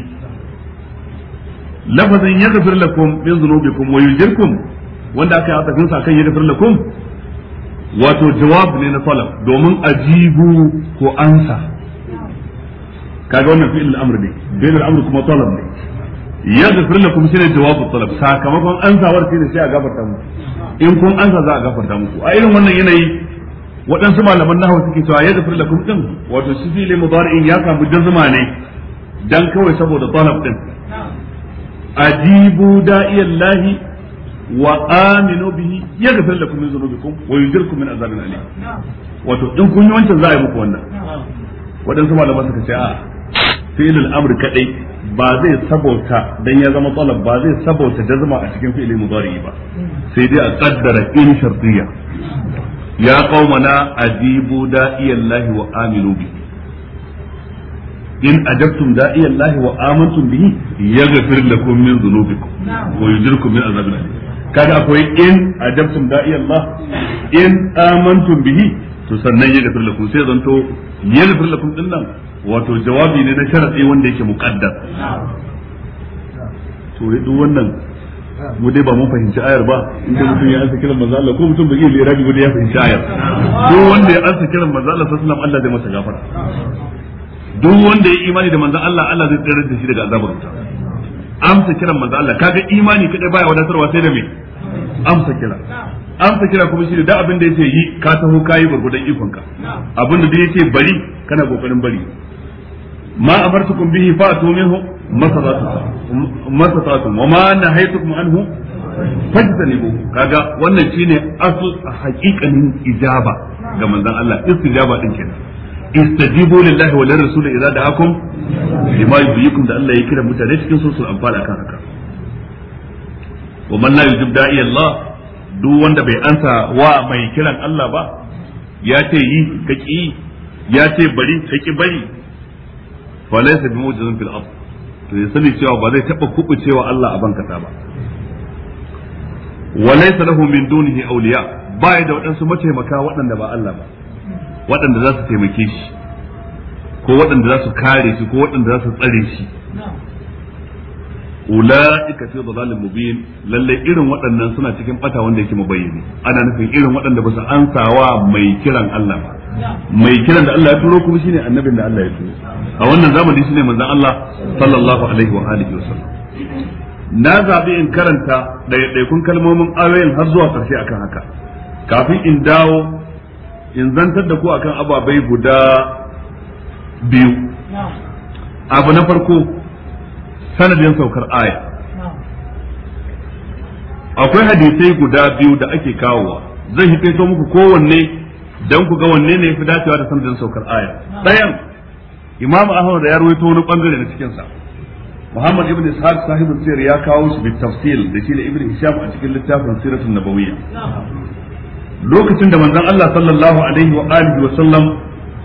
lafazin yaghfir lakum min dhunubikum wa yujirkum wanda aka yi a tafin sa kan yaghfir lakum wato jawab ne na talab domin ajibu ko ansa kaga wannan fi'il al-amr ne fi'il al-amr kuma talab ne yaghfir lakum shine jawab talab sakamakon ansawar shine sai a gafarta muku in kun ansa za a gafarta muku a irin wannan yanayi waɗansu malaman nahawa suke cewa yaghfir lakum din wato shi fi'il mudari'in ya samu jazma ne dan kawai saboda talab din ajibu da'iyallahi wa aminu bihi yaghfir lakum min dhunubikum wa yujirkum min azabin alim wato in kun yi wancan za a yi muku wannan waɗansu malaman suka ce a fi'il al-amr kadai ba zai sabota dan ya zama talab ba zai sabota jazma a cikin fi'il mudari ba sai dai a qaddara in shartiyya ya qaumana ajibu da'iyallahi wa aminu bihi in ajabtum da'iyallahi wa amantum bihi yaghfir lakum min dhunubikum wa yujirkum min azabin alim kaga akwai in ajabtum da'i Allah in amantum bihi to sannan ya gafir lakum sai zanto ya gafir lakum din nan wato jawabi ne na sharadi wanda yake muqaddar to duk wannan mu dai ba mun fahimci ayar ba inda mutum ya ansa kiran manzo Allah ko mutum bai yi rabi ba ya fahimci ayar duk wanda ya ansa kiran manzo Allah sallallahu alaihi wasallam Allah zai masa gafara duk wanda ya imani da manzo Allah Allah zai tsare da shi daga azabar wuta amsa kiran manzo Allah kaga imani kadai baya wadatarwa sai da me amsa kira amsa kira kuma shi da abin da yace yi ka taho kayi gurgudan ikonka abin da yace bari kana kokarin bari ma amartukum bihi fa tu minhu masatatum wa ma nahaytukum anhu fajtanibu kaga wannan shine asu haqiqanin ijaba ga manzon Allah istijaba din kenan istajibu lillahi wa lirrasuli idza da'akum lima yuhyikum da Allah ya kira mutane cikin suratul anfal akan haka wa man la yujib da'i Allah duk wanda bai ansa wa mai kiran Allah ba ya ce yi ka ya ce bari kaki ki bari fa laysa bi mujizin fil ard to ya sani cewa ba zai taba cewa Allah a ta ba wa laysa lahu min dunihi awliya ba da waɗansu mataimaka waɗanda ba Allah ba waɗanda za su taimake shi ko waɗanda za su kare shi ko waɗanda za su tsare shi ula'ika fi dhalalin mubin lalle irin waɗannan suna cikin bata wanda yake mabayyani ana nufin irin waɗanda ba su ansawa mai kiran Allah ba mai kiran da Allah ya turo kuma shine annabin da Allah ya turo a wannan zamani shine manzon Allah sallallahu alaihi wa alihi wasallam na zabi in karanta ɗaiɗaikun kalmomin ayoyin har zuwa ƙarshe akan haka kafin in dawo in zantar da ku akan ababai guda biyu abu na farko sanadin saukar aya akwai hadisai guda biyu da ake kawowa zan so muku kowanne don ku ga wanne ne fi dacewa da sanadin saukar aya ɗayan imam ahmad da ya rawaito wani bangare na cikinsa muhammad ibn ishaq sahibin sirri ya kawo shi bi tafsil da shi da ibn hisham a cikin littafin siratul nabawiyya lokacin da manzon Allah sallallahu alaihi wa alihi wa sallam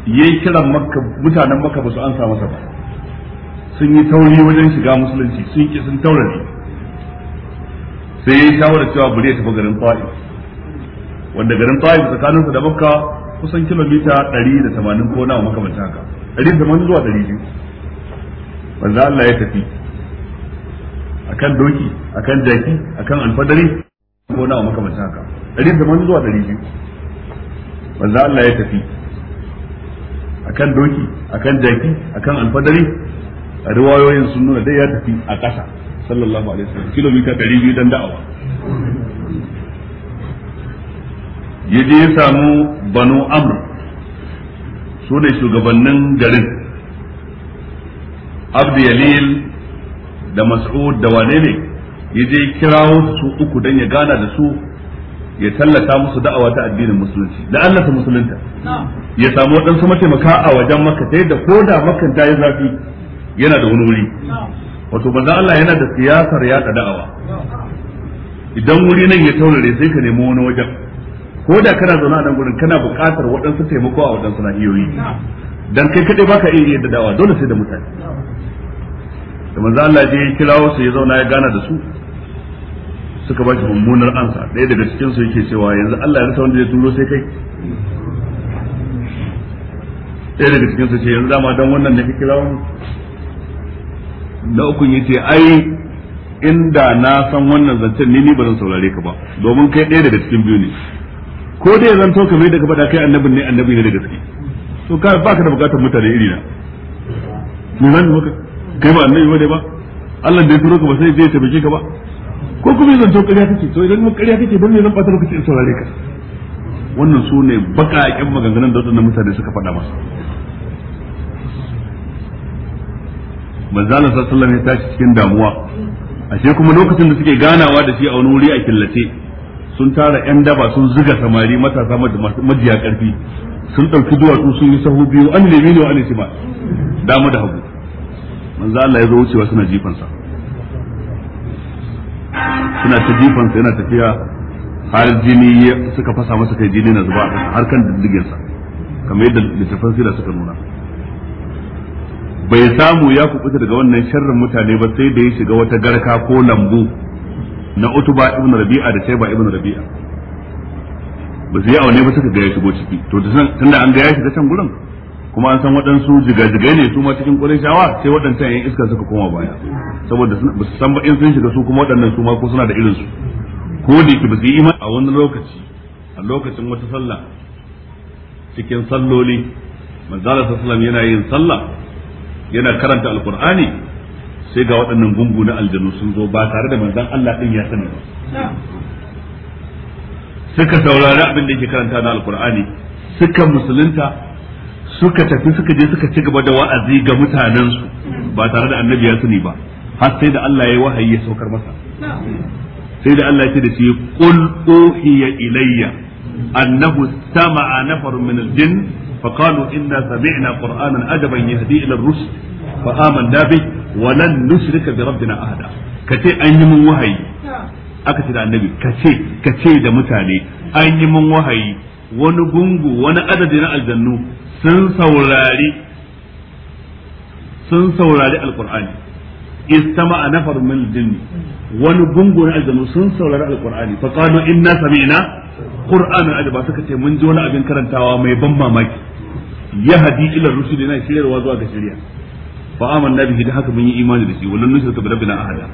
yayi kiran makka mutanen makka ba su ansa masa ba sun yi tauri wajen shiga musulunci sun ki sun taurari sai ya shawara cewa bari ya tafi garin fa'i wanda garin Ta'if tsakaninsa da makka kusan kilomita 180 ko nawa ɗari da 180 zuwa 200 manzo Allah ya tafi akan doki akan jaki akan alfadari ko nawa makamancin haka ɗari tamanin zuwa ɗari biyu manzo Allah ya tafi akan doki akan jaki akan alfadari a riwayoyin sun nuna dai ya tafi a ƙasa sallallahu alaihi wasallam kilomita ɗari biyu dan da'awa ya je ya samu banu amr su ne shugabannin garin abdu yalil da mas'ud da wane ne ya je kirawo su uku dan ya gana da su ya tallata musu da'awa ta addinin musulunci da Allah ta musulunta ya samu waɗansu mataimaka a wajen maka ta yadda ko da yi zafi yana da wani wuri wato manzon Allah yana da siyasar yaɗa da'awa idan wuri nan ya taurare sai ka nemi wani wajen ko da kana zaune a nan gurin kana buƙatar waɗansu taimako a waɗansu nahiyoyi dan kai kaɗai baka iya yadda da'awa dole sai da mutane da manzo Allah je kirawo su ya zauna ya gana da su suka ba shi mummunar ansa ɗaya daga cikin su yake cewa yanzu Allah ya rasa wanda zai turo sai kai ɗaya daga cikin su ce yanzu dama dan wannan ne ka kirawo na uku yace ai inda na san wannan zancen ni ni ba zan saurare ka ba domin kai ɗaya daga cikin biyu ne ko dai zan to kamar daga faɗa kai annabin ne annabi ne da gaske to ka baka da bukatar mutane irina mun nan maka kai ba annabi bane ba Allah da ya turo ka ba sai zai tabbake ka ba ko kuma zan to ƙarya kake to idan mu ƙarya kake dan ne zan fata lokaci in saurare ka wannan su ne baƙaƙen maganganun da waɗannan mutane suka faɗa masa manzalan sallallahu alaihi ya tashi cikin damuwa ashe kuma lokacin da suke ganawa da shi a wani wuri a killace sun tara yan daba sun zuga samari matasa majiya karfi sun ɗauki duwatsu sun yi sahu biyu an nemi ne wa an shima dama da hagu manzo Allah ya zo wucewa suna jifansa suna ta jifansa yana tafiya har jini suka fasa masa kai jini na zuba har kan sa kamar yadda littafin sira suka nuna bai samu ya kubuta daga wannan sharrin mutane ba sai da ya shiga wata garka ko lambu na utuba ibn rabi'a da shaiba ibn rabi'a ba su yi aune ba suka ga ya shigo ciki to tunda an ga ya shiga can gurin kuma an san waɗansu jigajigai ne su ma cikin ƙwarin shawa sai waɗancan yan iska suka koma baya saboda ba su san baƙin sun shiga su kuma waɗannan su ma ko suna da irin su ko da yake ba su yi iman a wani lokaci a lokacin wata sallah cikin salloli manzala sallam yana yin sallah yana karanta alqur'ani sai ga waɗannan gungu na aljanu sun zo ba tare da manzan Allah din ya sani ba suka saurari abin da yake karanta na alqur'ani suka musulunta suka tafi suka je suka ci gaba da wa'azi ga mutanensu ba tare da annabi ya sani ba Ha sai da Allah ya wahayi ya saukar masa sai da Allah ya ce da shi qul uhiya ilayya annahu sama'a nafar min al-jinn fa qalu inna sami'na qur'anan adaban yahdi ila ar-rusd fa amanna bi wa lan nushrika bi rabbina ahada kace an ce da mutane an yi wahayi wani gungu wani adadi na aljannu sun saurari sun saurari alqur'ani istama'a nafar min jinni wani gungun aljanu sun saurari alkurani fa qalu inna sami'na qur'anan ajaba suka ce mun ji wani abin karantawa mai ban mamaki yahdi ila rusuli na shiryarwa zuwa ga shari'a fa amanna bihi da haka mun yi imani da shi wallan nusrika bi rabbina ahada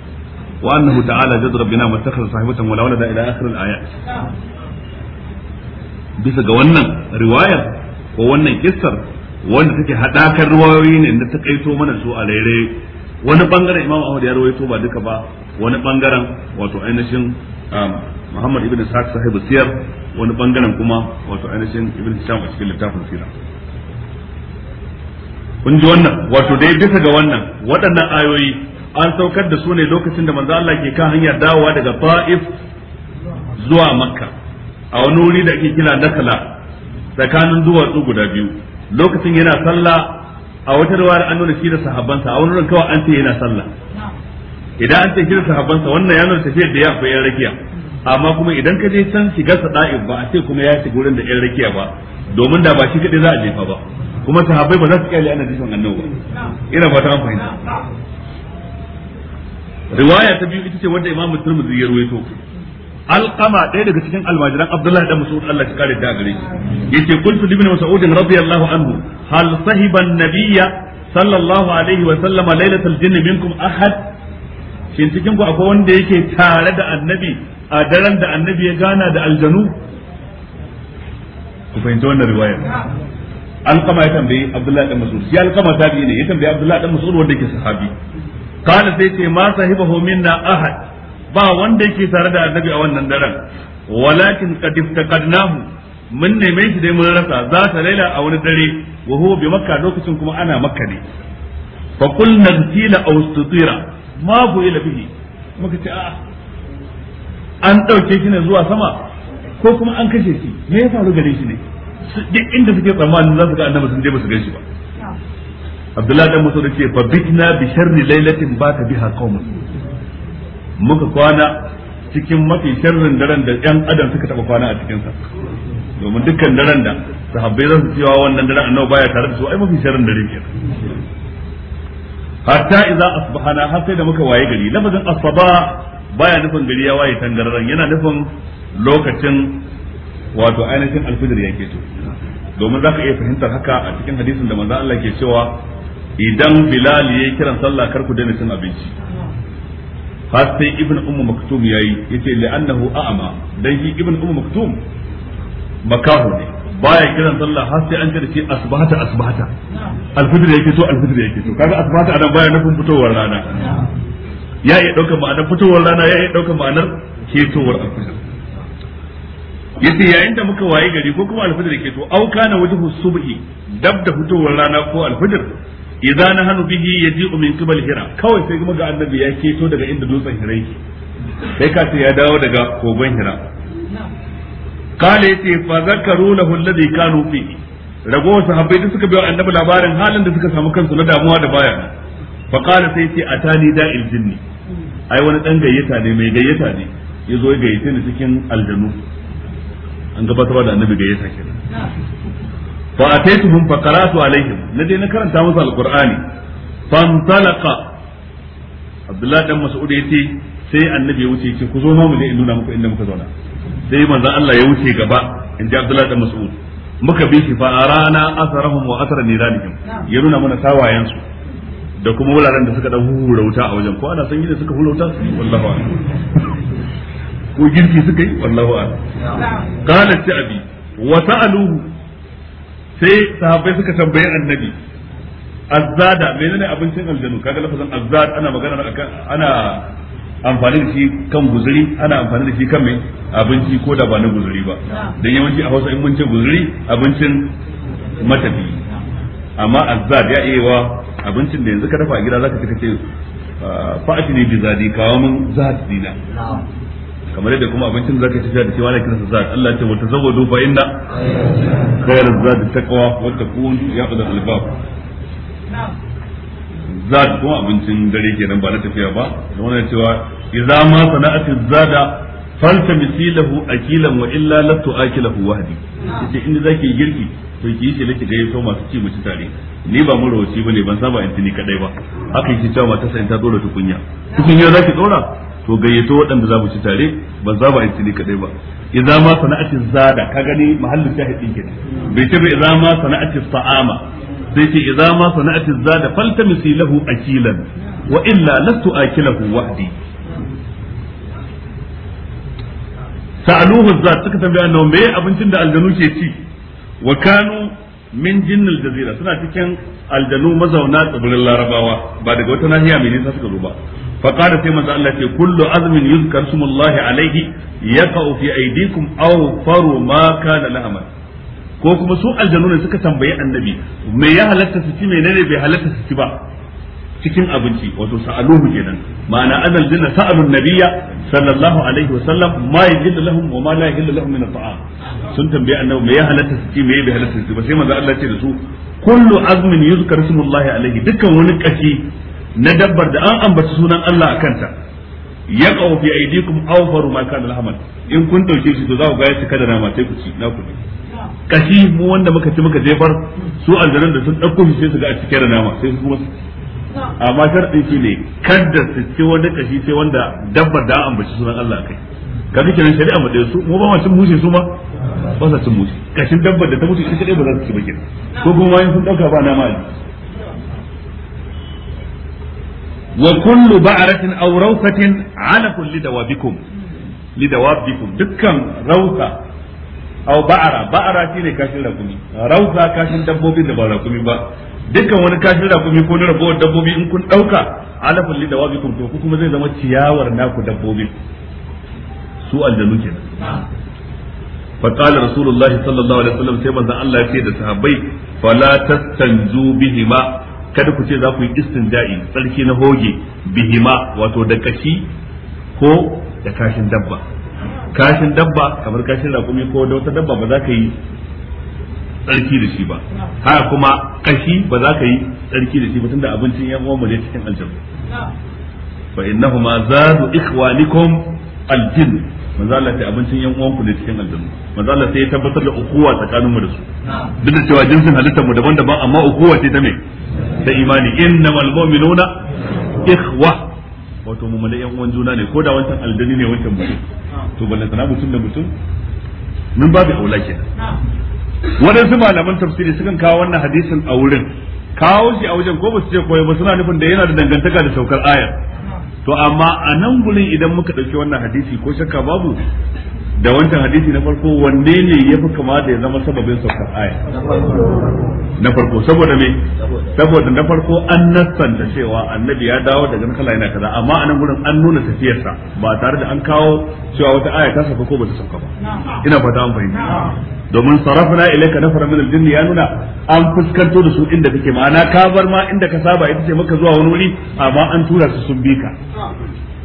wa annahu ta'ala jadu rabbina ma takhara sahibatan wala walada ila akhir al-ayat bisa ga wannan riwayar ko wannan kissar wanda take hadakar ruwayoyi ne da ta kaito mana su a raire wani bangaren imam ahmad ya rawaito ba duka ba wani bangaren wato ainihin um, muhammad ibn sa'd sahibu siyar wani bangaren kuma wato ainihin ibn hisham a cikin littafin sirah kun ji wannan wato dai bisa ga wannan waɗannan ayoyi an saukar da su ne lokacin da manzo Allah ke kan hanyar dawowa daga Ba'if zuwa Makka a wani wuri da ake kira Nakala tsakanin duwatsu guda biyu lokacin yana sallah a wata rawar an nuna shi da sahabbansa a wani wurin kawai an ce yana sallah idan an ce shi da sahabbansa wannan ya nuna tafiyar da ya fi yan rakiya amma kuma idan ka je can shiga sa da'in ba a ce kuma ya shiga wurin da yan rakiya ba domin da ba shi kaɗai za a jefa ba kuma sahabbai ba za su kyale ana jifan annabi ba ina fata an fahimta riwaya ta biyu ita ce wanda imamu turmuzi ya ruwaito alqama ɗaya daga cikin almajiran abdullahi dan mas'ud Allah ya kare da gare shi yace kuntu ibn mas'ud radiyallahu anhu hal sahiba nabiyya sallallahu alaihi wa sallama lailatul jinni minkum ahad shin cikin ku akwai wanda yake tare da annabi a daren da annabi ya gana da aljanu ku fahimta wannan riwayar alqama ya tambayi abdullahi dan mas'ud ya alqama tabi ne ya tambayi abdullahi dan mas'ud wanda yake sahabi kana sai ce ma sahibahu minna ahad ba wanda yake tare da annabi a wannan daren walakin qad iftaqadnahu mun neme shi dai mun rasa za ta laila a wani dare wa huwa bi makka lokacin kuma ana makka ne fa qulna qila aw istutira ma bu ila bihi muka ce a'a an dauke shi ne zuwa sama ko kuma an kashe shi me ya faru gare shi ne duk inda suke tsammanin za su ga annabi sun je ba su gan shi ba Abdullahi dan Musa ce fa bitna bi sharri lailatin bata biha qaumun muka kwana cikin mafi sharrin daren da yan adam suka taba kwana a cikinsa domin dukkan daren da sahabbai za su cewa wannan daren annabi baya tare da su ai mafi sharrin dare ke hatta idza asbahana har sai da muka waye gari lafazin asaba baya nufin gari ya waye tangararren yana nufin lokacin wato ainihin alfijir ya to domin za ka iya fahimtar haka a cikin hadisin da manzo Allah ke cewa idan bilal ya kiran sallah kar ku daina cin abinci har sai ibn ummu maktum yayi yace li'annahu a'ma dan shi ibn ummu maktum makahu ne baya kiran sallah har sai an kada shi asbahata asbahata alfitr yake to alfitr yake to kaga asbahata adan baya nufin fitowar rana ya yi daukar ma'anar fitowar rana ya yi daukar ma'anar ketowar alfitr yace yayin da muka waye gari ko kuma alfitr yake to au kana wajhu subhi dab da fitowar rana ko alfitr na hannu bihi ji umin kibal hira kawai sai kuma ga annabi ya keto daga inda dutsen hira yake sai ka ya dawo daga kogon hira kale ce fa zakaru lahu alladhi kanu fi ragowar sahabbai da suka biyo annabi labarin halin da suka samu kansu na damuwa da baya fa kale sai ni atani da'il jinni ai wani dan gayyata ne mai gayyata ne yazo ya gayyace ni cikin aljanu an gabatar da annabi gayyata kenan fa ataituhum fa qara'tu alaihim na dai na karanta musu alqur'ani fantalaqa Abdullah dan Mas'ud yace sai annabi ya wuce yace ku zo ma mu je in nuna muku inda muka zauna sai maza Allah ya wuce gaba in ji Abdullah dan Mas'ud muka bi ya nuna mana da kuma wuraren da suka dan hura wuta a wajen ko ana san yi da suka hura wuta wallahu a'lam ko girki suka yi wallahu a'lam qalat ta'abi wa sa'aluhu sai sahabbai suka tambayi annabi azzada menene abincin aljanu kaga lafazin azzad ana magana akan ana amfani da shi kan guzuri ana amfani da shi kan mai abinci ko da ba na guzuri ba dan yawanci a Hausa in mun ce guzuri abincin matafi amma azzad ya iya wa abincin da yanzu ka dafa a gida zaka ce kace ah, fa'ati ne bi zadi kawo mun zadi dina kamar yadda kuma abincin zaka ci da cewa lakin sa Allah ya ce wata zawadu fa inna khairu zadi taqwa wa takun yaqda albab zad kuma abincin dare kenan ba na tafiya ba da wannan cewa idza ma sana'ati zada falta misilahu akilan wa illa lattu akilahu wahdi yace inda zaki girki to ki yi laki ga yau masu ci mutu tare ni ba mu rawaci bane ban saba in tuni kadai ba haka yake cewa mata sai ta dora tukunya tukunya zaki dora to gayyato waɗanda za mu ci tare ba za mu aiki ni kadai ba idza ma sana'ati zada ka gani mahallin shahidin kenan bai ce ba idza ma sana'ati sa'ama sai ce idza ma sana'ati zada faltamisi lahu akilan wa illa lastu akilahu wahdi sa'aluhu zat suka tambaya annabi me abincin da aljanu ke ci wa kanu min jinnil jazira suna cikin aljanu mazauna tsibirin larabawa ba daga wata nahiya mai nisa suka zo ba فقال سيما الله في كل عزم يذكر اسم الله عليه يقع في أيديكم أوفر ما كان لهما ko kuma su aljanu ne suka tambayi annabi me ya halatta su ci menene bai halatta su ci ba cikin abinci wato sa'aluhu kenan ma'ana azal jinna sa'alun nabiyya sallallahu alaihi wa sallam ma yajillu lahum wa ma la yajillu lahum min at'am sun tambayi annabi me ya halatta su ci me bai halatta su ci ba sai manzo Allah ce da su kullu azmin yuzkar ismullahi alaihi dukkan wani kashi na dabbar da an ambaci sunan Allah a kanta ya qaw fi aydikum awfaru ma kana alhamal in kun dauke shi to za ku ga ya cika da nama sai ku ci na ku kashi mu wanda muka ci muka jefar su aljanan da sun dauko shi sai su ga a cike da nama sai su kuma amma sharɗin shi ne kada su ci wani kashi sai wanda dabbar da an ambaci sunan Allah kai Ka kaga kiran shari'a mu da su mu ba ma cin mushe su ma ba sa cin mushe kashin dabbar da ta mutu ita kadai ba za su ci ba kin ko kuma wani sun dauka ba nama wa kullu ba'ratin aw rawfatin ala kulli dawabikum lidawabikum dukkan rawsa aw ba'ara ba'ara shine kashin rakumi rawsa kashin dabbobi da ba rakumi ba dukkan wani kashin rakumi ko na ragowar dabbobi in kun dauka ala kulli dawabikum to ku kuma zai zama ciyawar naku dabbobi. su Fa aljanu kenan فقال رسول الله صلى الله عليه وسلم سيما الله يسيد الصحابي فلا تستنزوا بهما kada ku ce za ku yi istinja'i tsarki na hoge bihima wato da kashi ko da kashin dabba kashin dabba kamar kashin rakumi ko da wata dabba ba za ka yi tsarki da shi ba haka kuma kashi ba za ka yi tsarki da shi ba tunda abincin yan uwan mu ne cikin aljanna fa innahuma zadu ikhwanikum aljin manzo Allah sai abincin yan uwanku ne cikin aljanna manzo Allah sai ya tabbatar da ukuwa tsakanin mu da su duk da cewa jinsin halittar mu daban-daban amma ukuwa ce ta me da imani wal mu'minuna ikhwa wato mu mala yan uwan juna ne ko da wancan aljani ne wancan mutum to ballan sana mutum da mutum min babu aula kenan wadansu malaman tafsiri sukan kawo wannan hadisin a wurin kawo shi a wajen ko ba su ce koyi ba suna nufin da yana da dangantaka da saukar ayar to amma a nan gurin idan muka ɗauki wannan hadisi ko shakka babu da wancan hadisi na farko wanne ne ya fi kama da ya zama sababin saukar ayar. na farko saboda me saboda na farko an nassan da cewa annabi ya dawo daga nakala yana kaza amma a nan gurin an nuna tafiyarsa ba tare da an kawo cewa wata aya ta sauka ko ba ta sauka ba ina fata an fahimta domin sarafna ilayka nafar min al ya nuna an fuskanto da su inda kake ma'ana ka bar ma inda ka saba ita ce maka zuwa wani wuri amma an tura su sun bi ka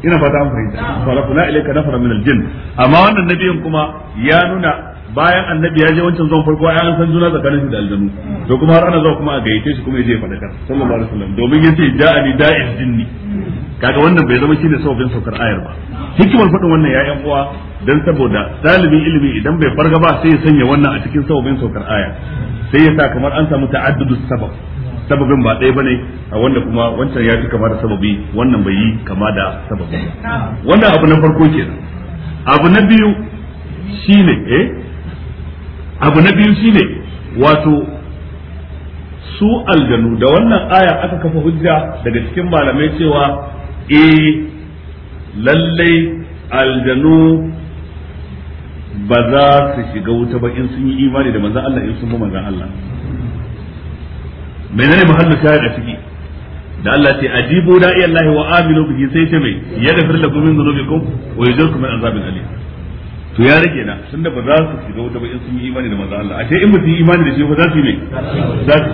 ina fata an fahimta sarafna ilayka nafar min al-jinn amma wannan nabiyin kuma ya nuna bayan annabi ya je wancan zuwan farko ai san juna tsakanin shi da aljanu to kuma har ana zuwa kuma a gayyace shi kuma ya je fadakar sallallahu alaihi wasallam domin yace ja'ani da'is jinni kaga wannan bai zama shine saukin saukar ayar ba hikimar faɗin wannan ya uwa dan saboda dalibin ilimi idan bai farga ba sai ya sanya wannan a cikin saukin saukar aya sai ya sa kamar an samu ta'addudu sabab sababin ba ɗaya bane a wanda kuma wancan ya fi kama da sababi wannan bai yi kama da sababi wannan abu na farko kenan abu na biyu shine eh abu na biyu shine wato su aljanu da wannan aya aka kafa hujja daga cikin malamai cewa e lallai aljanu ba za su shiga wuta ba in sun yi imani da manzan Allah in sun bi manzan Allah menene muhallin shari'a da ciki da Allah ce ajibu da'i Allah wa aminu bihi sai ce mai yaghfir lakum min dhunubikum wa yujirkum min azabin alim to ya rike na tunda ba za su shiga wata ba in sun yi imani da manzo Allah ashe in ba su yi imani da shi ba za su yi me za su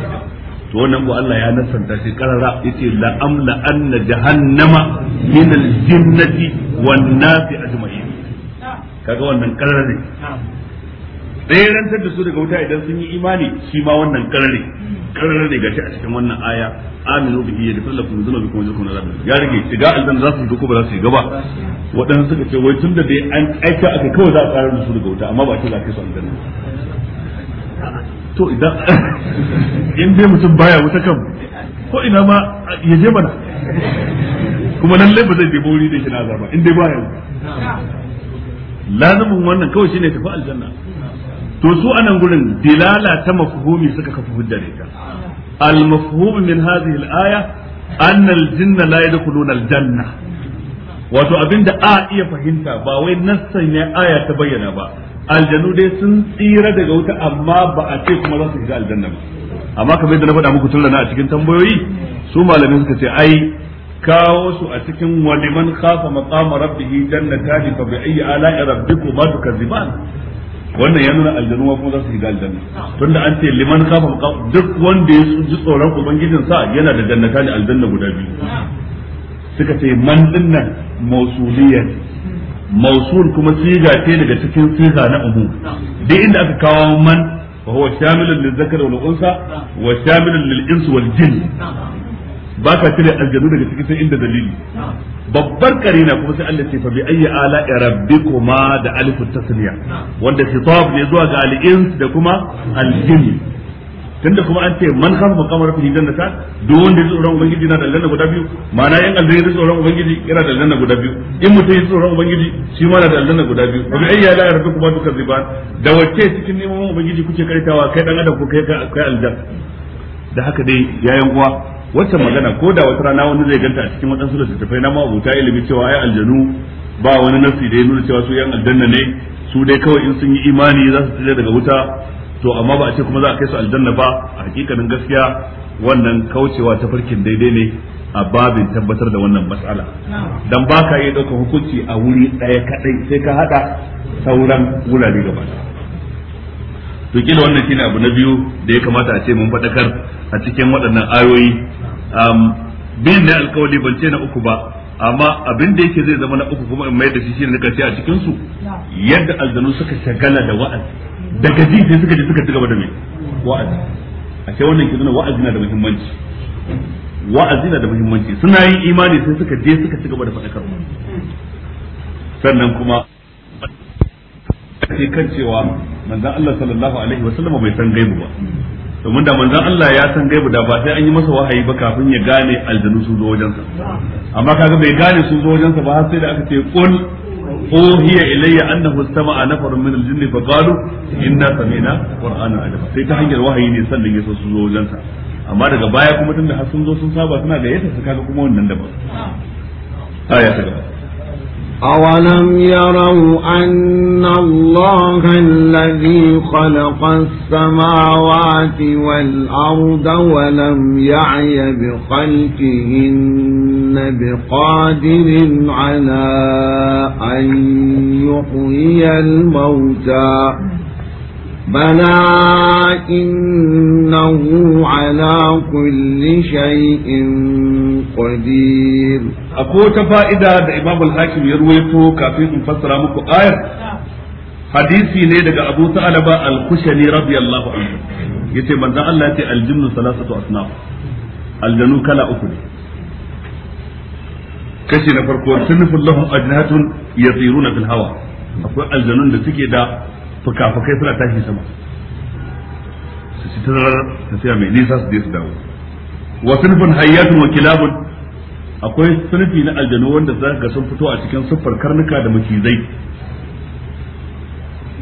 to wannan ko Allah ya nasanta shi karara yace la amla anna jahannama min al-jinnati wan nasi ajma'in kaga wannan karara ne tsayyantar da su daga wuta idan sun yi imani shi ma wannan karare karare ne gashi a cikin wannan aya aminu bihi ya dafalla kuma zuna bikum wajakum na ya rage shiga aljanna za su shiga ko ba za su shiga ba waɗanda suka ce wai tun da dai an aika aka kawai za a karar da su daga wuta amma ba a ce za kai su aljanna to idan in dai mutum baya wuta kan ko ina ma ya je mana kuma lai ba zai je wuri da shi na azaba in dai baya wuta lazumin wannan kawai shine tafi aljanna to su anan gurin dilala ta mafhumi suka kafa hujjar ita al mafhum min hadhihi al aya anna al jinna la yadkhuluna al janna wato abinda a iya fahimta ba wai nassan ne aya ta bayyana ba aljanu dai sun tsira daga wuta amma ba a ce kuma za su shiga aljanna ba amma kamar yadda na faɗa muku tun rana a cikin tambayoyi su malamin suka ce ai kawo su a cikin waliman khafa maqama rabbih jannatani fa bi ayyi ala'i rabbikuma tukazziban wannan ya nuna aljanu ma kuma za su shiga aljanna tunda an ce liman kafa duk wanda ya ji tsoron ubangijin sa yana da jannata ne aljanna guda biyu suka ce man dinnan mausuliyya mausul kuma siga ce daga cikin siga na umu duk inda aka kawo man fa huwa shamilun lil zakari wal unsa wa shamilun lil insi wal jinn ba ka cire aljanu daga cikin sai inda dalili babbar karina kuma sai Allah ce fa bi ayyi ala rabbikuma da alif tasniya wanda khitab ne zuwa ga al-ins da kuma al-jinn tunda kuma an ce man khafa maqama rabbihi jannata duk wanda ya tsoron ubangiji yana da aljanna guda biyu ma'ana yan aljanna ya tsoron ubangiji yana da aljanna guda biyu in mutum ya tsoron ubangiji shi ma yana da aljanna guda biyu fa bi ayyi ala rabbikuma tukazziban da wacce cikin neman ubangiji kuke karitawa kai dan adam ko kai kai aljanna da haka dai yayan uwa wacce magana ko da wata rana wani zai ganta a cikin waɗansu littattafai na ma'abuta ilimi cewa ai aljanu ba wani nasi da ya nuna cewa su yan aljanna ne su dai kawai in sun yi imani za su tsaye daga wuta to amma ba a ce kuma za a kai su aljanna ba a hakikanin gaskiya wannan kaucewa ta farkin daidai ne a babin tabbatar da wannan matsala dan ba ka iya ɗaukar hukunci a wuri ɗaya kaɗai sai ka haɗa sauran wurare gaba to kila wannan shine abu na biyu da ya kamata a ce mun faɗakar a cikin waɗannan ayoyi Bin da alkawali ban ce na uku ba amma abin da yake zai zama na uku kuma in mai da shi shi na karshe a cikin su yadda aljanu suka shagala da wa'azi daga ji sai suka ji suka ci gaba da mai wa'azi a ce wannan kidan wa'azi na da muhimmanci wa'azi na da muhimmanci suna yin imani sai suka je suka ci gaba da faɗakarwa sannan kuma ake kan cewa manzon Allah sallallahu alaihi wasallam bai san gaibu ba domin da manzon Allah ya san gaibu da ba sai an yi masa wahayi ba kafin ya gane aljanu su zo wajensa amma kaga bai gane su zo wajensa ba har sai da aka ce qul ilayya annahu أنه nafarun min من fa qalu inna sami'na qur'ana عجبا sai ta hanyar wahayi ne sannan ya su zo wajensa amma daga baya kuma tunda har sun zo sun saba suna gayyata su kaga kuma wannan Ba aya ta gaba أولم يروا أن الله الذي خلق السماوات والأرض ولم يعي بخلقهن بقادر على أن يحيي الموتى بلى إنه على كل شيء قدير أكو تفائدة دا إمام الحاكم يرويته كافي مفسر مكو آية حديثي ليدك أبو ثعلبة الخشني رضي الله عنه yace manzon Allah yace aljannu salasatu asnaf aljanu kala uku ne kashi na farko sunful lahum ajnatun yasiruna fil hawa akwai aljanun da suke da fuka-fukai suna tashi sama su ci tazarar siya mai nisa su je su dawo wa sunfin hayyatun wa kilabun akwai sulfi na aljanu wanda za ga sun fito a cikin siffar karnuka da macizai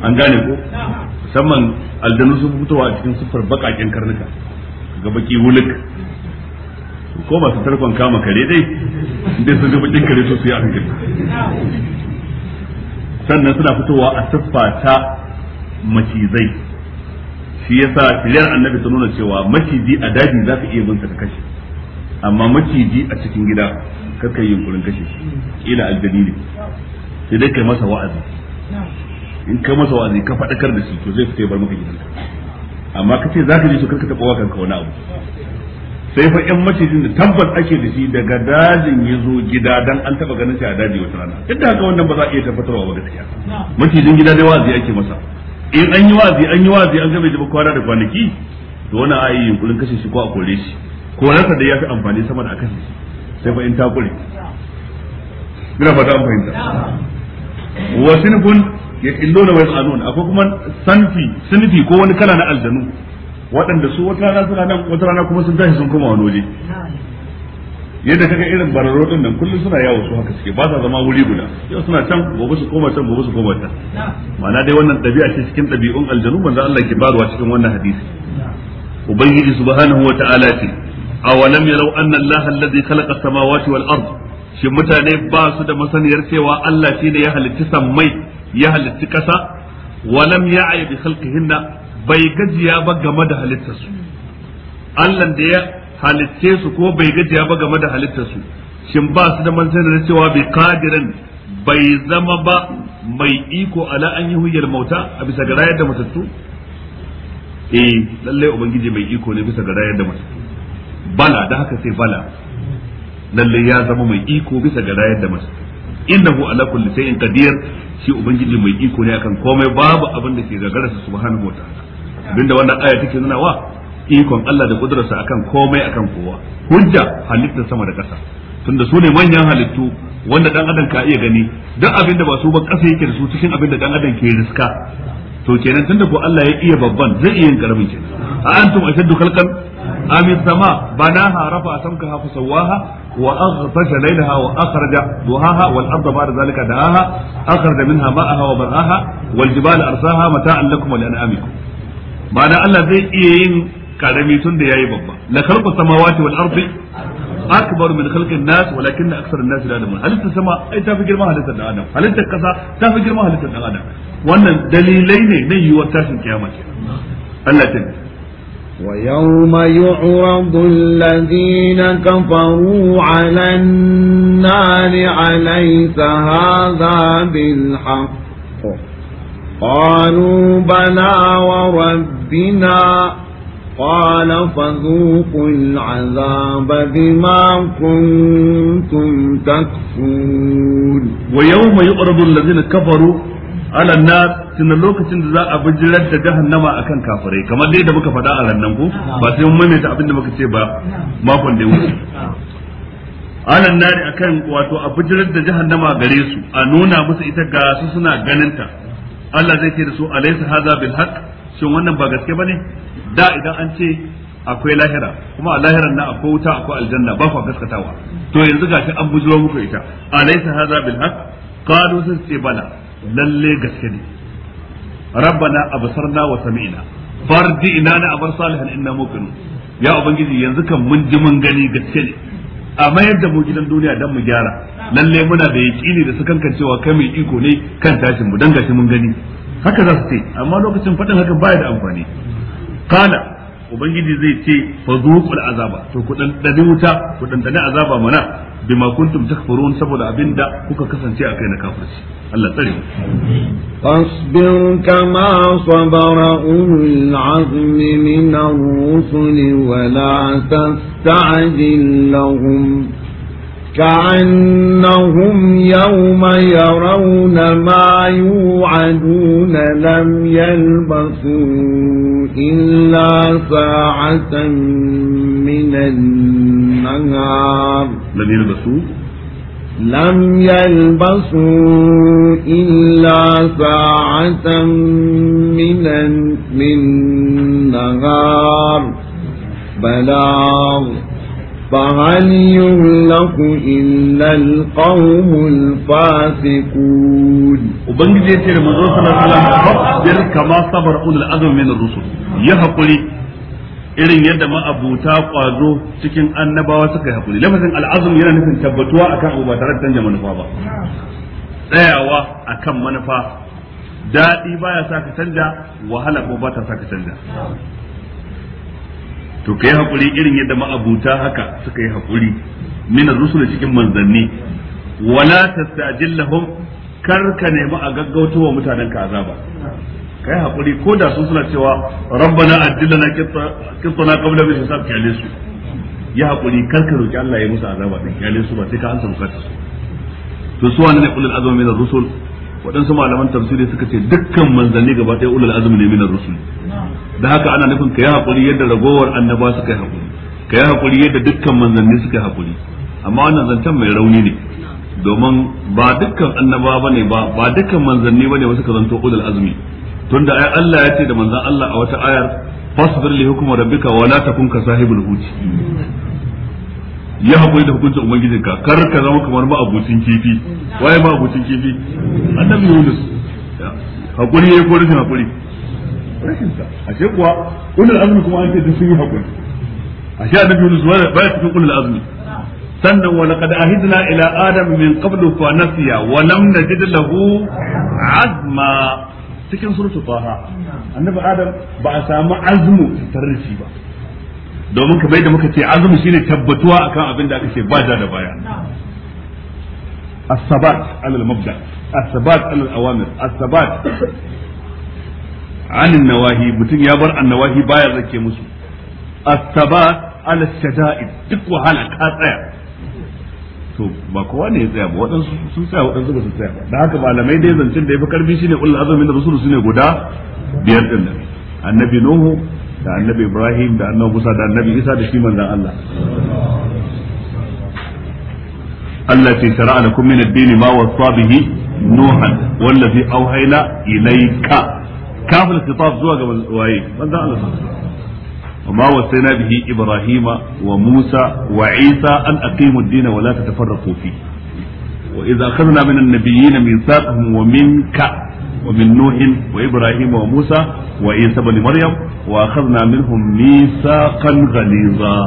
an gane ko musamman aljanu sun fito a cikin siffar bakakin karnuka ga baki wulik ko ba su tarkon kama kare dai dai sun ga bakin kare sosai a hankali sannan suna fitowa a siffa ta macizai shi yasa filiyar annabi ta nuna cewa maciji a daji za ka iya bin ka kashe amma maciji a cikin gida kar ka yi yunkurin kashe shi ila aljani ne sai dai kai masa wa'azi in kai masa wa'azi ka faɗakar da shi to zai fita ya bar maka gidanka amma ka ce za ka ji su karka taɓa wakan ka wani abu sai fa yan macijin da tabbas ake da shi daga dajin ya zo gida dan an taɓa ganin shi a daji wata rana yadda haka wannan ba za a iya tabbatarwa ba gaskiya macijin gida dai wa'azi ake masa in an yi wazi an yi wazi an gama jaba kwana da kwanaki to wani ayi yunkurin kashe shi ko a kore shi rasa da ya fi amfani sama da a kashe shi sai fa in ta kure ina ba ta an fahimta wa sinfun ya na wai yasanun akwai kuma sanfi sinfi ko wani kala na aljanu waɗanda su wata rana suna nan wata rana kuma sun tashi sun koma wani waje yadda kaga irin bararodin nan kullum suna yawo su haka suke ba sa zama wuri guda yau suna can gobe su koma can gobe su koma can ma'ana dai wannan ɗabi'a ce cikin ɗabi'un aljanu manzo Allah ke barwa cikin wannan hadisi ubangiji subhanahu wa ta'ala ce awalam yarau anna Allah alladhi khalaqa samawati wal ard shin mutane ba su da masaniyar cewa Allah shi ne ya halitti sammai ya halitti kasa walam ya'ya bi khalqihinna bai gajiya ba game da halittarsu Allah da ya halitte su ko bai gajiya ba game da halittar su shin ba su da da cewa bi qadirin bai zama ba mai iko ala an yi hujjar mauta a bisa ga rayar da matattu eh lallai ubangiji mai iko ne bisa ga rayar da matattu bala da haka sai bala lallai ya zama mai iko bisa ga rayar da matattu innahu ala kulli shay'in qadir shi ubangiji mai iko ne akan komai babu abin da ke gagararsa subhanahu wataala ta'ala abinda wannan aya take nuna wa ikon Allah da kudurarsa akan komai akan kowa hujja halittar sama da ƙasa tunda su ne manyan halittu wanda dan adam ka iya gani duk abin da ba su ba ƙasa yake da su cikin abin da dan adam ke riska to kenan tunda ko Allah ya iya babban zai iya yin karamin kenan a antum ashaddu khalqan am sama banaha rafa samkaha fasawaha wa aghtasha laylaha wa akhraja duhaha wal arda ba'da zalika dahaha akhraja minha ma'aha wa bar'aha wal jibala arsaha mata'an lakum wa li'anamikum ma'ana Allah zai iya yin karami tun da yayi babba la khalqu samawati wal ardi akbar min khalqin nas walakin akthar an-nas la ya'lamun halitta sama ai ta fi girma halitta dan adam halitta kasa ta fi girma halitta da adam wannan dalilai ne na yiwuwar tashin kiyama ke Allah ta ويوم يعرض الذين كفروا على النار أليس هذا بالحق قالوا بلى وربنا قال فذوقوا العذاب بما كنتم تكفرون ويوم يقرب الذين كفروا على النار tun lokacin da za a bijirar da jahannama akan kafirai kamar dai da muka faɗa a rannan ko ba sai mun maimaita abin da muka ce ba makon da ya wuce alan nari akan wato a bijirar da jahannama gare su a nuna musu ita ga su suna ganinta Allah zai ce da su alaysa hadha bil haqq shin wannan ba gaske bane da idan an ce akwai lahira kuma a lahiran nan akwai wuta akwai aljanna ba ku gaskatawa to yanzu gashi an bujuro muku ita alaysa hadha bil haqq qalu sun ce bala lalle gaske ne rabbana absarna wa sami'na fardi ina na abar salihan inna muqinu ya ubangiji yanzu kan mun ji mun gani gaske ne a mayar mu gidan duniya dan mu gyara lalle muna da yaqini da sukan kan cewa kai mai iko ne kan tashin mu dan gashi mun gani haka za su ce amma lokacin faɗin haka baya da amfani kala ubangiji zai ce fa zuqul azaba to ku dan wuta ku dan azaba mana bima kuntum takfurun saboda abinda kuka kasance a kai na kafirci Allah tsare mu fasbir kama sabara ulul azmi min ar-rusul wa la tasta'jil lahum كأنهم يوم يرون ما يوعدون لم يلبثوا إلا ساعة من النهار لم يلبثوا لم يلبثوا إلا ساعة من النهار بلاغ فهل يهلك إلا القوم الفاسقون Ubangiji يتير من رسول الله صلى الله عليه وسلم كما صبر أولي العزم من الرسل يهقلي irin yadda ma'abuta kwazo cikin annabawa suka yi hakuri lafazin al'azum yana nufin tabbatuwa akan abu ba tare da canja manufa ba tsayawa akan manufa daɗi baya sa ka canja wahala ko ba ta sa ka canja to kai hakuri irin yadda ma'abuta haka suka yi hakuri min rusul cikin manzanni wala tastajil lahum kar ka nemi a gaggautowa mutanen ka azaba kai hakuri ko da su suna cewa rabbana addilana qitna qabla bi hisab kalisu su ya hakuri kar ka roki Allah ya musu azaba din kalisu su ba sai ka ansa bukatar su to su wani ne kullu azaba min rusul waɗansu malaman tafsiri suka ce dukkan manzanni gaba ɗaya ulul azumi ne minar rusul da haka ana nufin ka yi haƙuri yadda ragowar annaba suka yi haƙuri ka yi haƙuri yadda dukkan manzanni suka yi haƙuri amma wannan zancen mai rauni ne domin ba dukkan annaba ba ne ba ba dukkan manzanni ba ne wasu ka zanto ulul azumi tunda ai Allah ya ce da manzan Allah a wata ayar fasbir li hukmi rabbika wa la takun ka sahibul huti ya haƙuri da hukuncin ubangijin ka kar ka zama kamar ma'abucin kifi waye ma'abucin kifi annabi yunus haƙuri yayi ko rashin haƙuri rashin A ce kuwa ulul azmi kuma an ce duk sun yi haƙuri ashe annabi yunus baya cikin ulul azmi sannan wa laqad ahidna ila adam min qablu fa nasiya wa lam najid lahu azma cikin suratul taha annabi adam ba a samu azmu tarrifi ba domin kamar da muka ce azumi shine tabbatuwa akan abin da aka ce ba da baya as-sabat alal mabda as-sabat alal awamir as-sabat anin nawahi mutum ya bar annawahi baya zake musu as-sabat ala shada'id duk wahala ka tsaya to ba kowa ne ya tsaya ba waɗansu sun tsaya waɗansu ba su tsaya ba da haka malamai dai zancen da ya fi karfi shine ulul azumi da rasulu sune guda biyar din nan annabi nuhu da annabi ibrahim da annabi musa da annabi isa da shi manzan allah Allah ce shara'a da min ad dini ma wasa bihi nuhan wallazi auhayna ilaika. kafin khitab zuwa ga waye manzan Allah وما وصينا به إبراهيم وموسى وعيسى أن أقيموا الدين ولا تتفرقوا فيه وإذا أخذنا من النبيين min ka. ومن نوح وإبراهيم وموسى وعيسى بن مريم وأخذنا منهم ميثاقا غليظا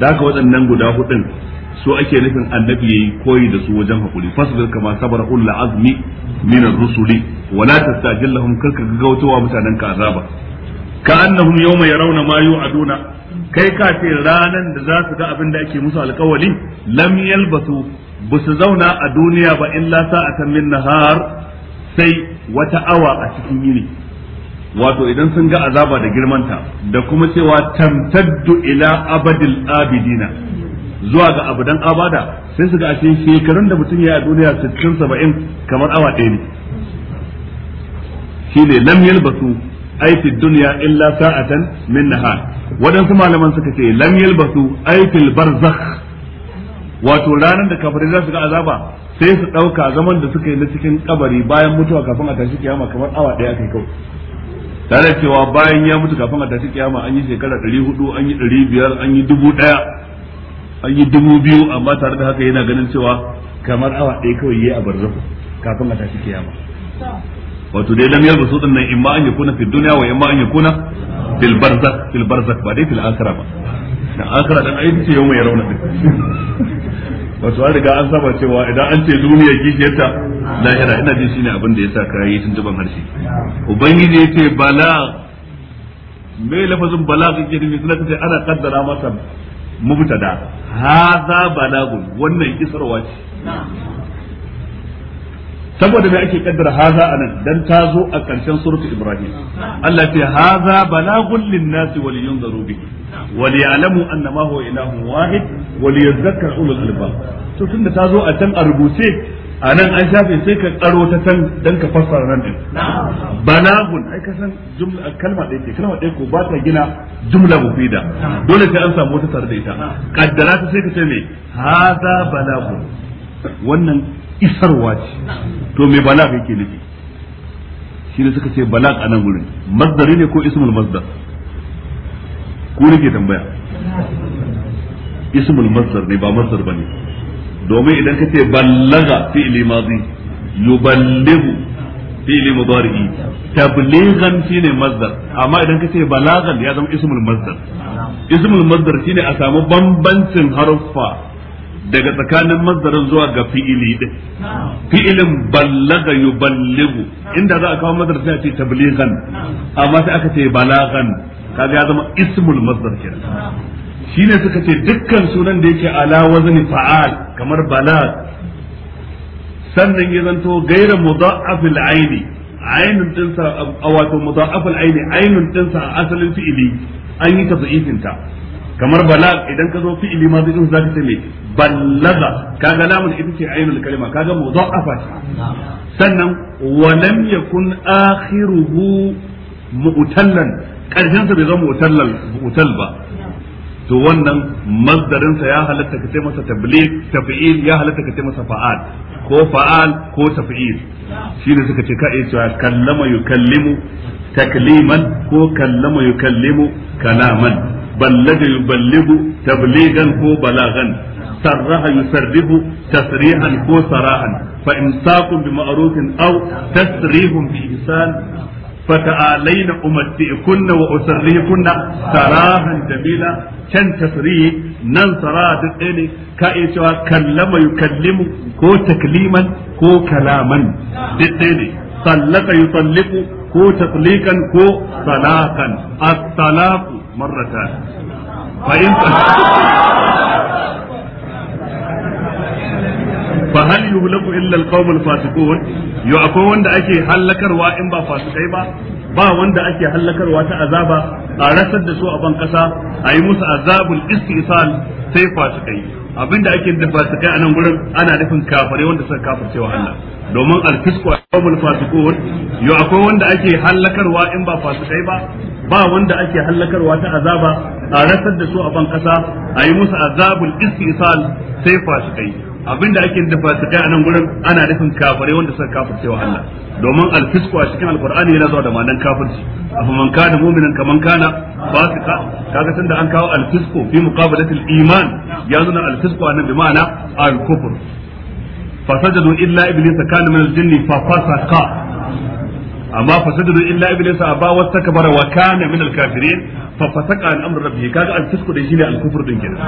ذاك waɗannan guda hudun su ake nufin annabi yayi koyi da su wajen hakuri fasbir kama sabara ulul azmi min ar-rusuli wala tastajil lahum karka gautawa mutanen ka azaba ka annahum yawma yarawna ma yu'aduna kai ka ce ranan da za su ga abin da ake musu alkawali lam yalbasu ba su zauna a duniya ba illa sa'atan min har sai wata awa a cikin yini wato idan sun ga azaba da girmanta da kuma cewa tamtaddu ila abadil abidina zuwa ga abudan abada sai su ga a cikin shekarun da mutum ya yi a duniya 60 70 kamar awa ɗaya ne shine lam yalbasu aiki duniya illa sa'atan min nahar waɗansu malaman suka ce lam yalbasu aikil barzakh wato ranar da kafirai za su ga azaba sai su ɗauka zaman da suka yi na cikin kabari bayan mutuwa kafin a tashi kiyama kamar awa ɗaya kai kawai tare cewa bayan ya mutu kafin a tashi kiyama an yi shekara ɗari hudu an yi ɗari biyar an yi dubu ɗaya an yi dubu biyu amma tare da haka yana ganin cewa kamar awa ɗaya kawai yi a barzahu kafin a tashi kiyama wato dai lam yalba su in imma an kuna fi duniya wa imma an kuna fil barzakh fil barzakh ba dai fil akhirah ba na akhirah dan ayi ce yau mai rauna wato an riga an saba cewa idan an ce duniya kishiyarta lahira ina ji shine abin da yasa ka yi tuntuban harshe ubangiji ya ce bala me lafazin bala kake nufi suna ce ana kaddara masa mubtada haza balagun wannan kisarwa ce saboda me ake kaddara haza anan dan ta zo a karshen suratu ibrahim Allah ce haza balagun linnasi wal yunzaru bihi wal ya'lamu anna ma huwa ilahun wahid wal yadhakkaru ulul albab to tunda ta zo a can a rubuce anan an shafe sai ka karo ta can dan ka fassara nan din balagun ai ka san jumla kalma ɗaya ce kalma ɗaya ko ba ta gina jumla mufida dole sai an samu wata tare da ita kaddara ta sai ka ce me haza balagun wannan isarwa ce to me balagh yake nufi shi ne suka ce balagh a nan gurin masdari ne ko ismul Mazdar. ku nake tambaya ismul Mazdar ne ba Mazdar ba ne. domin idan ka ce ballaga fi'li madi yuballighu fi'li mudari tablighan shine Mazdar. amma idan ka ce balagan ya zama ismul masdar ismul Mazdar shine a samu bambancin haruffa daga tsakanin mazdarin zuwa ga fi'ili din fi'ilin ballaga yuballigu inda za a kawo mazdar sai a ce tablighan amma sai aka ce balagan kaga ya zama ismul mazdar kenan shine suka ce dukkan sunan da yake ala wazni fa'al kamar balag sannan ya zanto gaira mudha'afil aini ainun dinsa wato mudha'afil aini ainun dinsa a asalin fi'ili an yi tazifin ta kamar balag idan ka zo fi'ili ma zai zaka ce mai ballaga kaga lamun ita ce ainul kalima kaga mudha'afa sannan wa lam yakun akhiruhu mu'tallan karshen sa bai zama mu'tallal mu'tal ba to wannan masdarin sa ya halatta ka ce masa tabliq taf'il ya halatta ka ce masa fa'al ko fa'al ko taf'il shine suka ce ka iya cewa kallama yukallimu takliman ko kallama yukallimu kalaman ballada yuballigu tabiligan ko balagan sarraha yusarrihu tasrihan ko sarahan fa imsakun bi ma'rufin aw tasrihun bi ihsan فتعالين أمتئكن وأسرهكن سراها جميلا كان تسريه نن سراها تسئلي كأيتها كلم يكلم كو تكليما كو كلاما تسئلي طلق يطلق كو تطليقا كو طلاقا الطلاق مرتان فإن فهل يهلك إلا القوم الفاسقون يعقون da هل لك in با فاسقين با ba wanda ake hallakarwa ta azaba a rasar da su a ban kasa a yi musu azabul istisal sai fasikai abinda ake da fasikai a nan gurin ana nufin kafare wanda suka kafirce Allah domin alfisku yawmul fasikowar. yo akwai wanda ake hallakarwa in ba fasikai ba ba wanda ake hallakarwa ta azaba a rasar da su a ban kasa a yi musu azabul istisal sai fasikai abinda ake da fasikai a nan gurin ana nufin kafare wanda suka kafirce wa Allah domin alfisku a cikin alqur'ani yana zuwa da ma'anar kafirci afa man kana mu'minan kaman kana fasika kaga tunda an kawo alfisku fi muqabalatil iman ya zuna alfisku nan bi ma'ana al-kufr fasajadu illa iblis kana min al-jinni fa fasaka amma fasajadu illa iblis aba wastakbara wa kana min al-kafirin fa fasaka an amr rabbi kaga al fisku da shine al kufur din kenan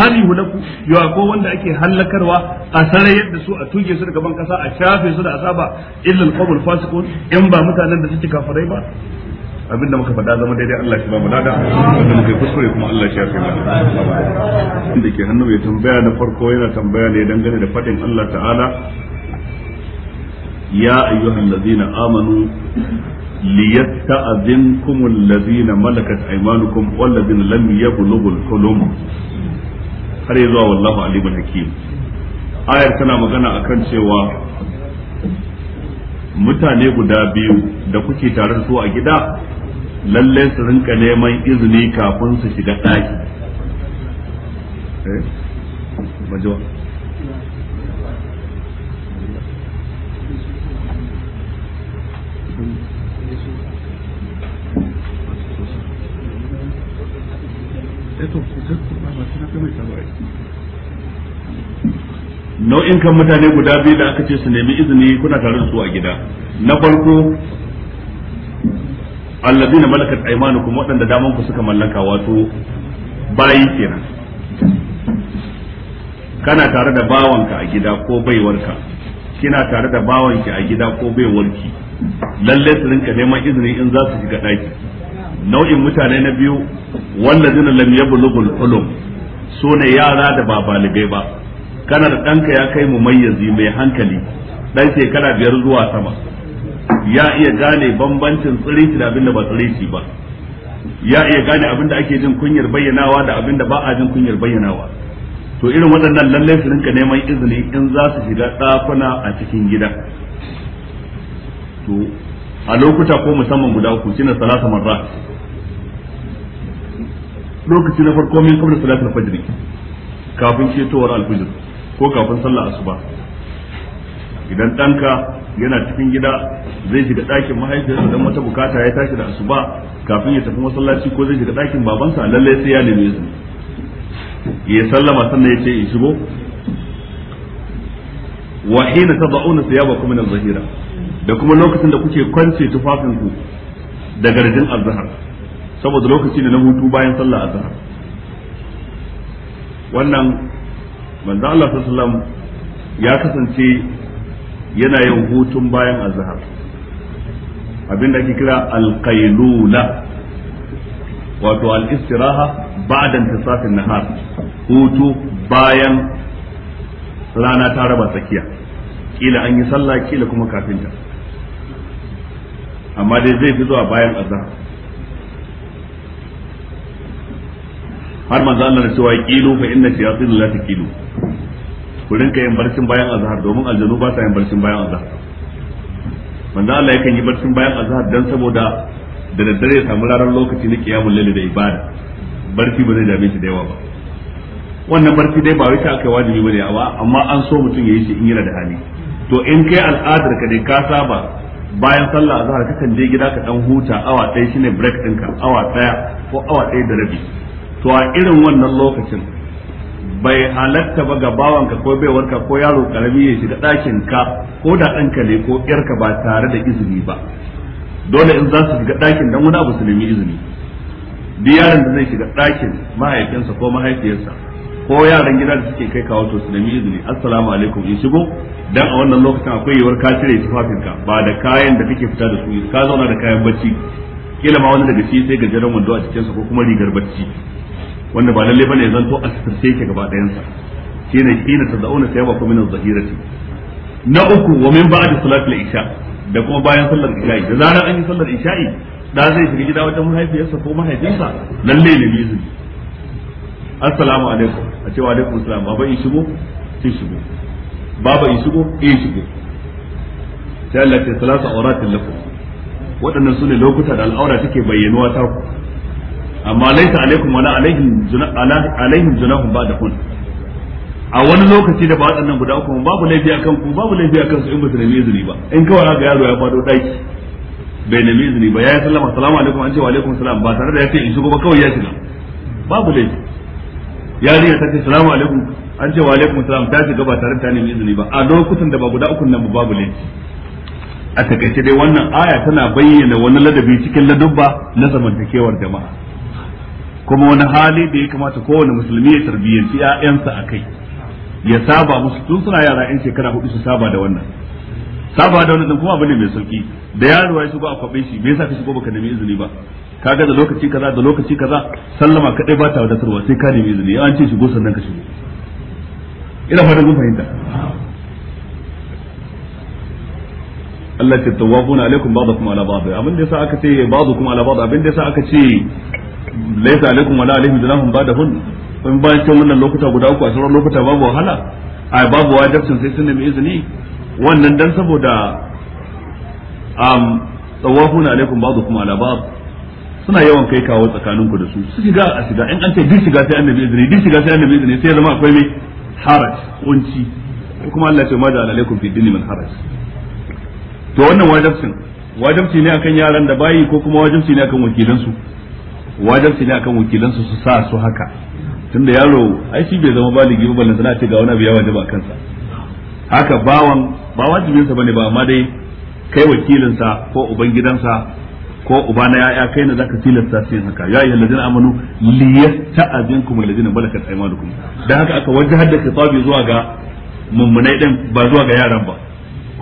hali hulaku yawa ko wanda ake halakarwa a sarayar da su a tuge su daga ban kasa a shafe su da azaba illa al qawmul fasiqun in ba mutanen da suke kafirai ba abin da muka faɗa zama daidai Allah shi ba mu dada wanda muka kuskure kuma Allah shi ya kai mana inda ke hannu ya tambaya na farko yana tambaya ne dangane da faɗin Allah ta'ala ya ayyuhal ladina amanu ليستأذنكم الذين ملكت أيمانكم والذين لم يبلغوا الحلم har yi zuwa wallahu alimul hakim ayar tana magana akan cewa mutane guda biyu da kuke tare da su a gida lalle su rinka neman izini kafin su shiga ɗaki nau'in kan mutane guda biyu da aka ce su nemi izini kuna tare da su a gida na farko alladina malakat aymanukum waɗanda daman ku suka mallaka wato bayi kenan kana tare da bawanka a gida ko baiwarka kina tare da bawanki a gida ko baiwarki lalle su rinka neman izini in za su shiga ɗaki nau'in mutane na biyu wallazina lam yablughul hulum sune yara da ba baligai ba kana da ɗanka ya kai mu mayyazi mai hankali ɗan shekara biyar zuwa sama ya iya gane bambancin tsirici da abinda ba tsirici ba ya iya gane abinda ake jin kunyar bayyanawa da abinda ba a jin kunyar bayyanawa to irin waɗannan lallai su rinka neman izini in za su shiga ɗakuna a cikin gida to a lokuta ko musamman guda uku ne salasa marra lokaci na farko min kabla salatul fajr kafin ketowar alfajir ko kafin sallar asuba idan danka yana cikin gida zai shiga ɗakin mahaifiyarsa don wata bukata ya tashi da asuba kafin ya tafi masallaci ko zai shiga ɗakin babansa lalle sai ya neme su ya sallama sannan ya ce in shigo wa hina tad'una thiyabakum min az-zahira da kuma lokacin da kuke kwance tufafin tufafinku da garjin az-zahar saboda lokaci ne na hutu bayan sallah zahar. wannan manzo Allah sallam ya kasance yana yin hutun bayan azhar abinda ake kira alqailula wato al-istiraha safin intisafin nahar hutu bayan rana ta raba tsakiya kila an yi sallah kila kuma kafinta amma dai zai fi zuwa bayan azhar har manzo Allah na cewa qilu fa inna shayatin la taqilu ku rinka yin barcin bayan azhar domin aljanu ba sa yin barcin bayan azhar manzo Allah yakan yi barcin bayan azhar dan saboda da daddare ya samu ranar lokaci na kiyamul layl da ibada barci ba zai dame shi da yawa ba wannan barci dai ba wai ta kai wajibi bane amma an so mutum yayi shi in yana da hali to in kai al'adar ka dai ka saba bayan sallah azhar kakan je gida ka dan huta awa ɗaya shine break ɗinka awa ɗaya ko awa ɗaya da rabi to a irin wannan lokacin bai halatta ba ga bawanka ko baiwarka ko yaro karami ya shiga ɗakin ka ko da ɗanka ne ko ƴarka ba tare da izini ba dole in za su shiga ɗakin dan wani abu su nemi izini duk yaron da zai shiga ɗakin mahaifinsa ko mahaifiyarsa ko yaran gida da suke kai kawo to su nemi izini assalamu alaikum in shigo dan a wannan lokacin akwai yiwuwar ka cire tufafinka ba da kayan da kake fita da su ka zauna da kayan bacci kila ma wani daga shi sai gajeren wando a cikinsa ko kuma rigar bacci wanda ba lalle bane zanto a sirce yake gaba ɗayan sa shine kina tadauna sayaba ku min az-zahirati na uku wa min ba'd salati al-isha da kuma bayan sallar isha'i da zarar an yi sallar isha'i da zai shiga gida wajen mahaifiyarsa ko mahaifinsa lalle ne bi izini assalamu alaikum a cewa alaikum assalam baba in shigo sai shigo baba in shigo in shigo sai Allah ya salatu auratin lakum waɗannan su ne lokuta da al'aura take bayyanuwa ta ku amma laisa alaikum wala alaihim alaihim junahum ba'da kun a wani lokaci da ba waɗannan guda uku babu laifi a kanku babu laifi a kansu in ba su nemi izini ba in kawai ga yaro ya fado daki bai nemi izini ba yayi sallama assalamu alaikum an ce wa alaikum salam ba tare da ya ce in shigo ba kawai ya shiga babu laifi yarinya ta ce assalamu alaikum an ce wa alaikum salam ta shiga ba tare da ta nemi izini ba a lokutan da ba guda uku nan babu laifi a takaice dai wannan aya tana bayyana wani ladabi cikin ladubba na zamantakewar jama'a kuma wani hali da ya kamata kowane musulmi ya tarbiyyanci ƴaƴansa a kai ya saba musu tun suna yara 'yan shekara hudu su saba da wannan saba da wannan kuma abu ne mai sauki da yaro ya shigo a kwabe shi me yasa ka shigo baka nemi izini ba kaga da lokaci kaza da lokaci kaza sallama kadai ba ta wadatarwa sai ka nemi izini an ce shigo sannan ka shigo ina fatan kun fahimta Allah ya tawafuna alaikum ba'dakum ala ba'd abin da yasa aka ce ba'dakum ala ba'd abin da yasa aka ce laisa alaikum wala alaihim da hun in bayan cewa wannan lokuta guda uku a sauran lokuta babu wahala a babu wajibcin sai sun nemi izini wannan dan saboda am tawafuna alaikum ba'dukum ala ba'd suna yawan kai kawo tsakanin ku da su su shiga a shiga in an ce duk shiga sai annabi izini duk shiga sai annabi izini sai zama akwai mai haraj kunci kuma Allah ya ce ma da alaikum fi dinni min haraj to wannan wajibcin wajibi ne akan yaran da bayi ko kuma wajibi ne akan wakilansu wajibi ne akan wakilansu su sa su haka tunda yaro aiki bai zama baligi ba ballan sana ce ga wani abu ya wajiba a kansa haka bawan ba wajibin sa bane ba amma dai kai wakilinsa ko uban gidansa ko uba na yaya kai ne zaka tilasta su yin haka ya ayyuhal ladina amanu liyasta'azinkum alladina malakat aymanukum dan haka aka wajhar da khitabi zuwa ga mummunai din ba zuwa ga yaran ba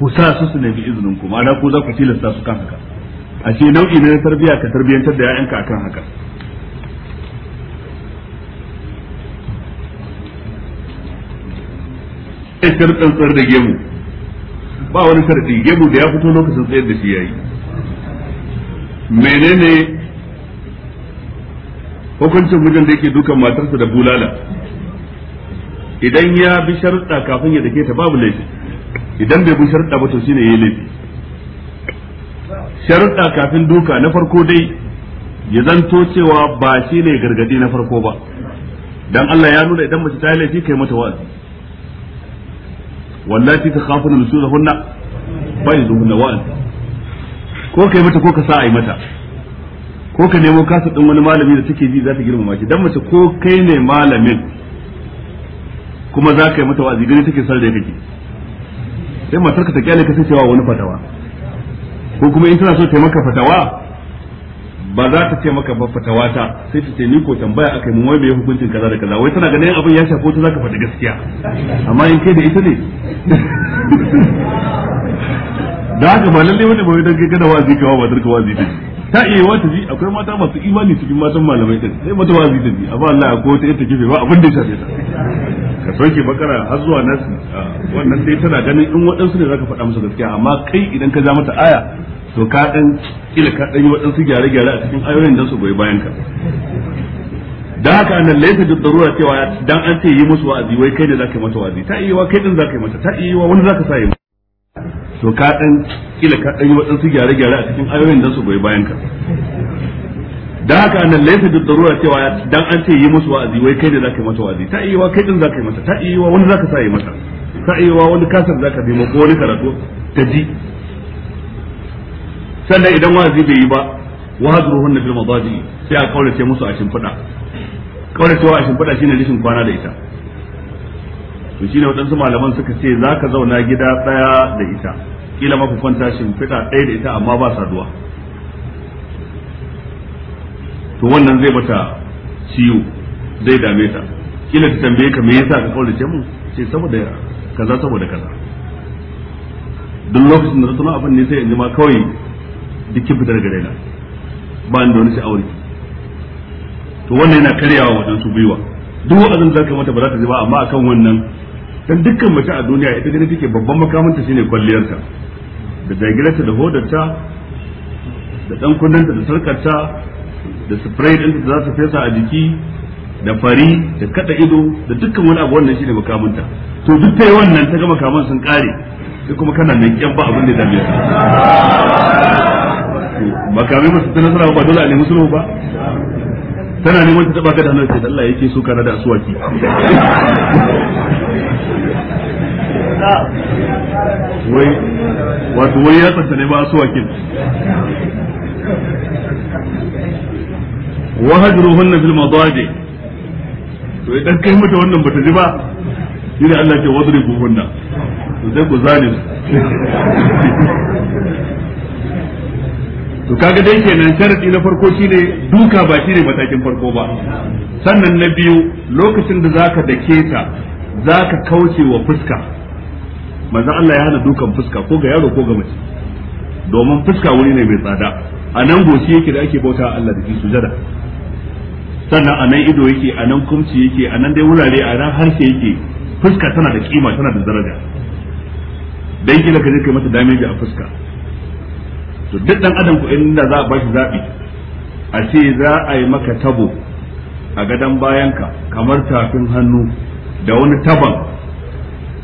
ku sa su su nemi izinin ku ma'ana ku za ku tilasta su kan haka a ce nau'i ne na tarbiya ka tarbiyyantar da ya'yanka akan haka shar tsantsar da gemu ba wani sarfi, gemu da ya fito lokacin tsayar da shi yi. menene hukuncin mijin da yake dukan matarsa da bulala idan ya bi sharɗa kafin ya dake ta babu laifi idan bai bi sharɗa ba to shine yi laifi sharuɗa kafin duka na farko dai ya zanto cewa ba shi ne gargadi na farko ba dan Allah ya nuna idan mace ta yi laifi kai mata wa'azi wallahi ta khafuna nusuzahunna fa yuzuhunna wa'azi ko kai mata ko ka sa ai mata ko ka nemo kasa din wani malami da take ji za ta girmama ki dan mace ko kai ne malamin kuma za ka yi mata wa'azi gani take sar kake sai matar ka ta kyale ka sai cewa wani fatawa ko kuma in tana so ta maka fatawa ba za ta ce maka ba fatawa ta sai ta ce ni ko tambaya akai mun wai me hukuncin kaza da kaza wai tana ganin abin ya shafi ta zaka faɗi gaskiya amma in kai da ita ne da haka ba lalle wani ba dan kai kada wazi kawa ba darka wazi ta ta iya wata ji akwai mata masu imani cikin matan malamai din sai mata wazi ta ji amma Allah ya ko ta ita kife ba abin da ya shafe ta ka soke bakara har zuwa nasi wannan sai tana ganin in waɗansu ne zaka faɗa musu gaskiya amma kai idan ka ja mata aya to ka ɗan kila ka ɗan yi waɗansu gyare-gyare a cikin ayoyin don su goyi bayan ka dan haka annan laysa da darura cewa dan an ce yi musu wa'azi wai kai ne zaka yi mata wa'azi ta iya wa kai din zaka yi mata ta iya wa wani zaka sa yi to ka ɗan kila ka ɗan yi waɗansu gyare-gyare a cikin ayoyin don su goyi bayan ka dan haka anan laysa da darura cewa dan an ce yi musu wa'azi wai kai ne zaka yi masa wa'azi ta iya wa kai din zaka yi masa ta iya wa wani zaka sa yi masa ta iya wa wani kasar zaka bi ko wani karatu ta ji sannan idan wa'azi bai yi ba wa wa'azruhunna fil madaji sai a ce musu a shimfiɗa wa a shimfiɗa shine rishin kwana da ita to shine waɗansu malaman suka ce zaka zauna gida ɗaya da ita kila maku kwanta shimfiɗa ɗaya da ita amma ba saduwa to wannan zai mata ciwo zai dame ta kila ta tambaye ka me yasa ka ce mu ce saboda kaza saboda kaza duk lokacin da tuno abin ne sai in jima kawai duk kin fitar gare na ba ni da wani sha'awar to wannan yana karyawa wajen su biwa. duk wa'azin da ka mata ba za ta ji ba amma akan wannan dan dukkan mace a duniya ita gani take babban makamanta shine kwalliyarta da jagirarta da hodarta da dan kunnanta da sarkarta da spray din da za su fesa a jiki da fari da kada ido da dukkan wani abu wannan shine makamunta to duk sai wannan ta ga makaman sun kare sai kuma kana nan kyan ba abin da dame su makamai ba su ta nasara ba dole a nemi sulhu ba tana neman ta taba ka da hannun sai Allah yake so kana da asuwaki wai wato wai ya tsanta ne ba asuwakin wa hajruhunna fil madaji to idan kai mata wannan bata ji ba shine Allah ke wadribu hunna to sai ku zane to kaga dai kenan sharadi na farko shine duka ba shine matakin farko ba sannan na biyu lokacin da zaka dake ta zaka kauce wa fuska manzo Allah ya hana dukan fuska ko ga yaro ko ga mace domin fuska wuri ne mai tsada a nan goshi yake da ake bauta Allah da shi sujada sannan a nan ido yake a nan kumci yake a nan dai wurare a nan harshe yake fuska tana da kima tana da daraja dan kila ka je kai mata damage a fuska to duk dan adam ko inda za a bashi zabi a ce za a yi maka tabo a gadon bayanka kamar tafin hannu da wani taban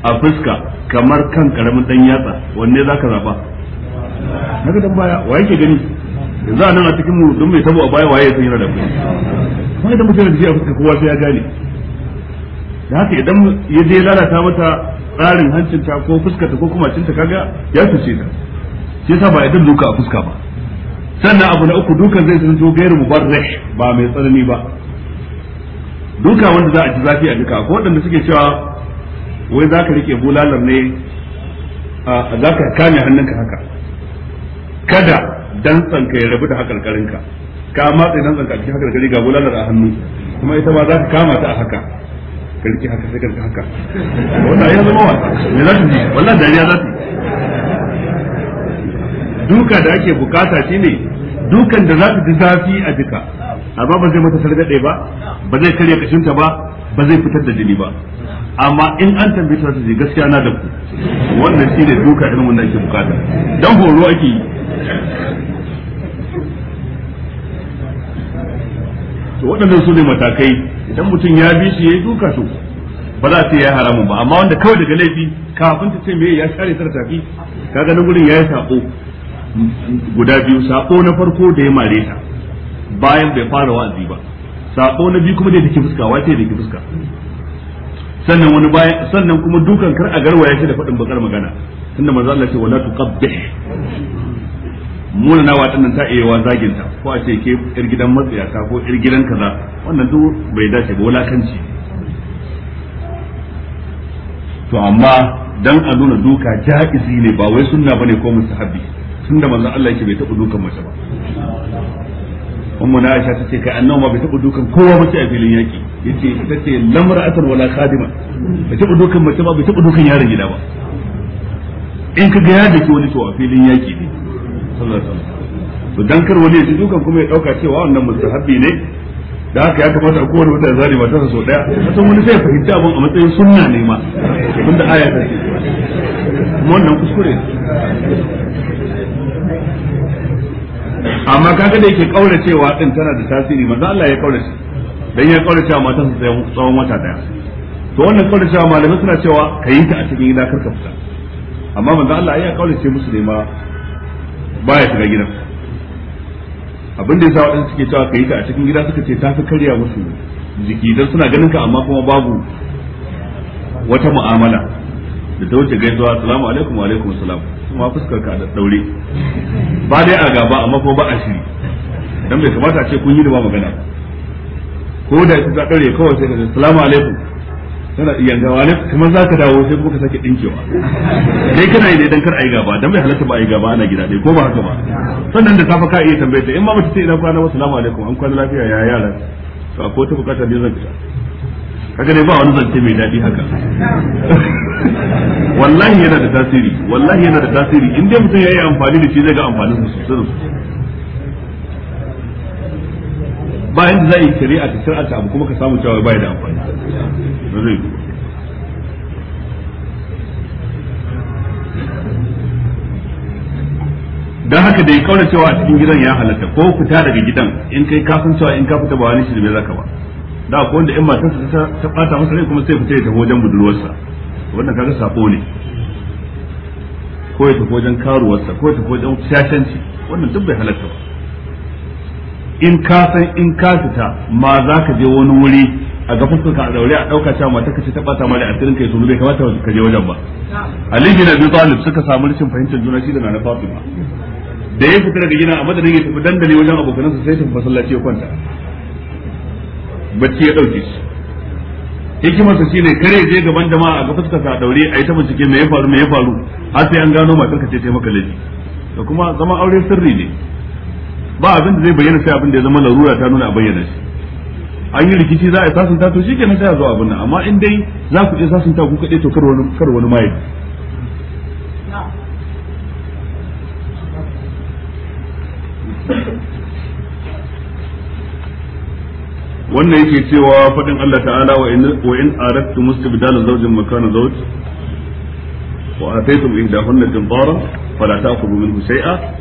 a fuska kamar kan karamin dan yatsa wanne za ka zaba na gadon baya wa yake gani yanzu a nan a cikin mu don mai tabo a baya waye sun yi da ku kuma idan mutum da shi a fuskar kowa sai ya gane da haka idan ya je lalata mata tsarin hancinta ko fuskarta ko kuma cinta kaga ya cuce ta shi yasa ba idan duka a fuska ba sannan abu na uku dukan zai zanto gairu mubarrih ba mai tsanani ba duka wanda za a ji zafi a duka ko waɗanda suke cewa wai za ka rike bulalar ne za ka kame hannunka haka kada dantsanka ya rabu da haƙarƙarinka ka matsa nan tsanka cikin haka da gari ga bulalar a hannu kuma ita ma za ka kama ta a haka ka rike haka sai ka haka wannan ya zama wasa me za su ji wannan dariya za su duka da ake bukata shine dukan da za ta ji zafi a jika amma ba zai mata sargaɗe ba ba zai karya kashinta ba ba zai fitar da jini ba amma in an tambaye ta ji gaskiya na da ku wannan shine duka irin wanda ake bukata don horo ake yi to waɗannan su ne matakai idan mutum ya bi su yi duka su, ba za su yi haramun ba amma wanda kawai daga laifi kafin ta ce me ya share ta tafi kaga nan gurin yi sako guda biyu sako na farko da ya mare ta bayan bai fara wa'azi ba sako na biyu kuma da take fuska wace da take fuska sannan wani bayan sannan kuma dukan kar a ya shi da faɗin bakar magana tunda manzo Allah ce wala tuqabbih munana wa dinnan ta iya zagin ta ko a ce ke yar gidan matsiyata ko yar gidan kaza wannan duk bai dace ba wulakanci to amma dan a nuna duka ja'izi ne ba wai sunna bane ko mustahabi tunda manzon Allah yake bai taɓa dukan mace ba ummu na Aisha tace kai annabi ma bai taɓa dukan kowa mace a filin yaki yace tace lamra'atan wala khadima bai taɓa dukan mace ba bai taɓa dukan yaron gida ba in ga ya ke wani to a filin yaki ne to dan kar wani ya ji dukan kuma ya dauka cewa wannan mustahabbi ne da haka ya kamata ko wani mutane ba ta so daya kasan wani zai fahimci abin a matsayin sunna ne ma da aya ta ce kuma wannan kuskure amma kaga da yake kaura cewa din tana da tasiri manzo Allah ya kaura shi dan ya kaura cewa mata su tsaye tsawon wata daya to wannan kaura cewa malamai suna cewa kayi ta a cikin gida karka fita amma manzo Allah ya kaura ce musu ne ma baya shiga gidan abin da yasa waɗanda suke cewa kai ta a cikin gida suka ce ta fi karya musu jiki dan suna ganin ka amma kuma babu wata mu'amala da ta wuce gaisuwa assalamu alaikum wa alaikum assalam kuma fuskar ka da daure ba dai a gaba amma kuma ba a shiri dan bai kamata a ce kun yi da ba magana ko da ita ta daure kawai sai ka ce assalamu alaikum kana gawa ne kuma za ka dawo sai kuma ka sake dinkewa dai kana yi ne dan kar a gaba dan bai halatta ba ayi gaba ana gida dai ko ba haka ba sannan da safa ka iya tambaye ta in ma mutum sai ina kwana wa salamu alaikum an kwana lafiya ya yara to akwai ta bukata ne zan fita kaga dai ba wani zance mai dadi haka wallahi yana da tasiri wallahi yana da tasiri in dai mutum ya yi amfani da shi zai ga amfanin su sosai bayan da za a yi shari'a ta shari'a ta abu kuma ka samu cewa bai da amfani ba zai yi don haka da ya kaura cewa a cikin gidan ya halatta ko fita daga gidan in kai kafin cewa in ka fita ba wani shirme zaka ba da ko wanda in matarsa ta bata masa rai kuma sai fita ya tafi wajen budurwarsa wannan kaga sako ne ko ya tafi wajen karuwarsa ko ya tafi wajen shashanci wannan duk bai halatta ba in ka san in ka fita ma za ka je wani wuri a ga fuskarka a daure a dauka cewa mata kace ta bata mali cikin kai zuwa bai kamata ka je wajen ba Ali bin Abi Talib suka samu rashin fahimtar juna shi da Nana Fatima da ya fita daga gina a madadin ya tafi dandali wajen abokanansa sai tafi masallaci ya kwanta bacci ya dauke shi hikimarsa shine kare je gaban jama'a a ga fuskarka a daure a yi ta bincike me ya faru me ya faru har sai an gano matar ka ce ta maka laifi da kuma zama aure sirri ne ba abin da zai bayyana sai abin da ya zama larura ta nuna a bayyana shi an yi rikici za a sasanta to shi kenan sai a zo abin nan amma in dai za ku iya sasanta ku kaɗai to kar wani kar maye wannan yake cewa faɗin Allah ta'ala wa in wa in aradtu mustabdala zawjin makana zawj wa ataytum hunna tintara fala ta'khudhu minhu shay'a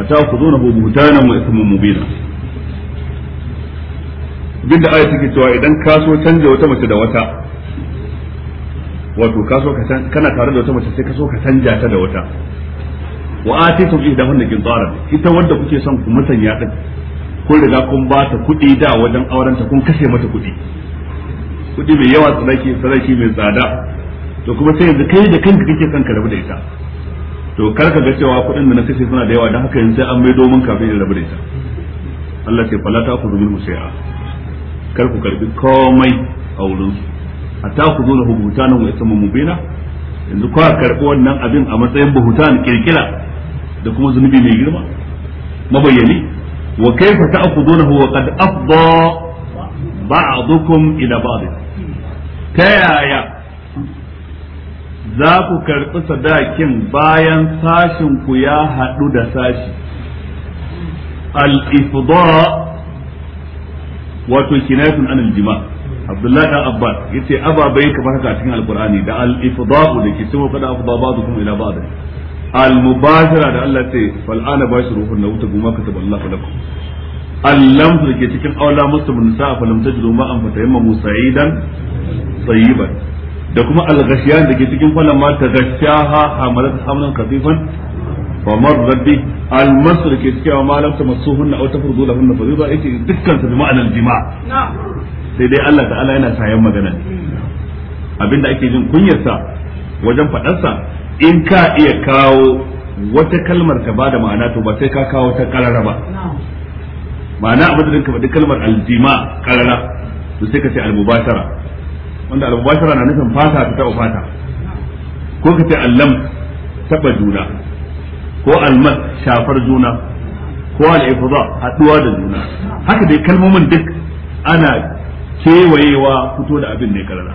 atakhudhunahu buhtanan wa ithman mubina duk da ayat ke cewa idan ka so canja wata mace da wata wato ka so kana tare da wata mace sai ka so ka canja ta da wata wa atitum ihdahunna qintaran ita wanda kuke son ku musanya din kun riga kun ba ta kuɗi da wajen aurenta kun kashe mata kuɗi kuɗi mai yawa sadaki sadaki mai tsada to kuma sai yanzu kai da kanka kake son ka rabu da ita to kar ka ga cewa kuɗin da na kashe suna da yawa don haka yanzu sai an maido min kafin in rabu da ita Allah ce fala ta ku zubin musai'a kar ku karbi komai a wurin su ta ku zo da hubuta nan wa ismu mubina yanzu kawai karɓi wannan abin a matsayin buhutan kirkira da kuma zunubi mai girma mabayyani wa fa ta kaifa ta'khudunahu wa qad afda ba'dukum ila ba'd ta yaya za ku karɓi sadakin bayan sashin ku ya haɗu da sashi al-ifda wato kinayatun anil jima Abdullahi dan Abbas yace ababai kamar haka a cikin Alqur'ani da al-ifda'u da ke cewa kada afda ba'dukum ila ba'd al-mubashara da Allah ce fal ana bashiruhun na wuta goma kataba Allah lakum al-lamz da ke cikin aula muslimun sa'a falam tajidu ma'an fatayamma musayidan tayyiban da kuma al-ghashiyan da ke cikin falan ma ta gashaha hamalat hamlan khafifan wa marrat bi al-masr ke cikin ma lam tamassuhunna aw tafrudu lahunna fariida yake dukkan su bi ma'anar jima' sai dai Allah ta'ala yana sayan magana abinda ake jin kunyarsa wajen faɗarsa in ka iya kawo wata kalmar ka bada ma'ana to ba sai ka kawo ta karara ba ma'ana a madadin ka faɗi kalmar aljima karara to sai ka ce almubashara wanda al-mubashara na nufin fata ta taɓa fata ko ka ce allam taba juna ko almas shafar juna ko al-ifda haɗuwa da juna haka dai kalmomin duk ana kewayewa fito da abin ne karara